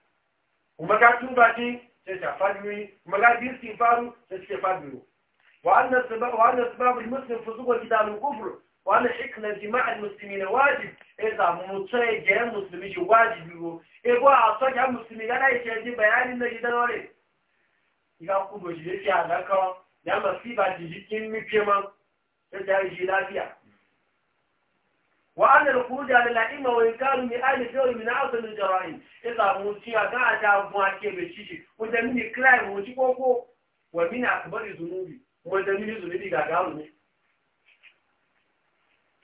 Kuma ka tuba ji sai ta faɗi, kuma ka birkin faru sai suke faɗi ro. Wa'annan su babu musulun fi zuwa gida mun kufuru, wa'annan hikla ji ma'a musulmi na wajib, ya samu mutum ya gaya musulmi ji wajib ro. E ko a sa ya musulmi ya na ishe ji bayanin na gidan wani. Iga kudu ji ya fi a zaka, ya masu ba ji jikin mifeman, sai ta yi ji lafiya. وأن الخروج على الأئمة وإن كانوا من أهل الجو من أصل الجرائم إذا موتي أكاد أبوكي بشيشي وده من كلاي موتي كوكو ومن أكبر الذنوب وده من الذنوب إذا قالوا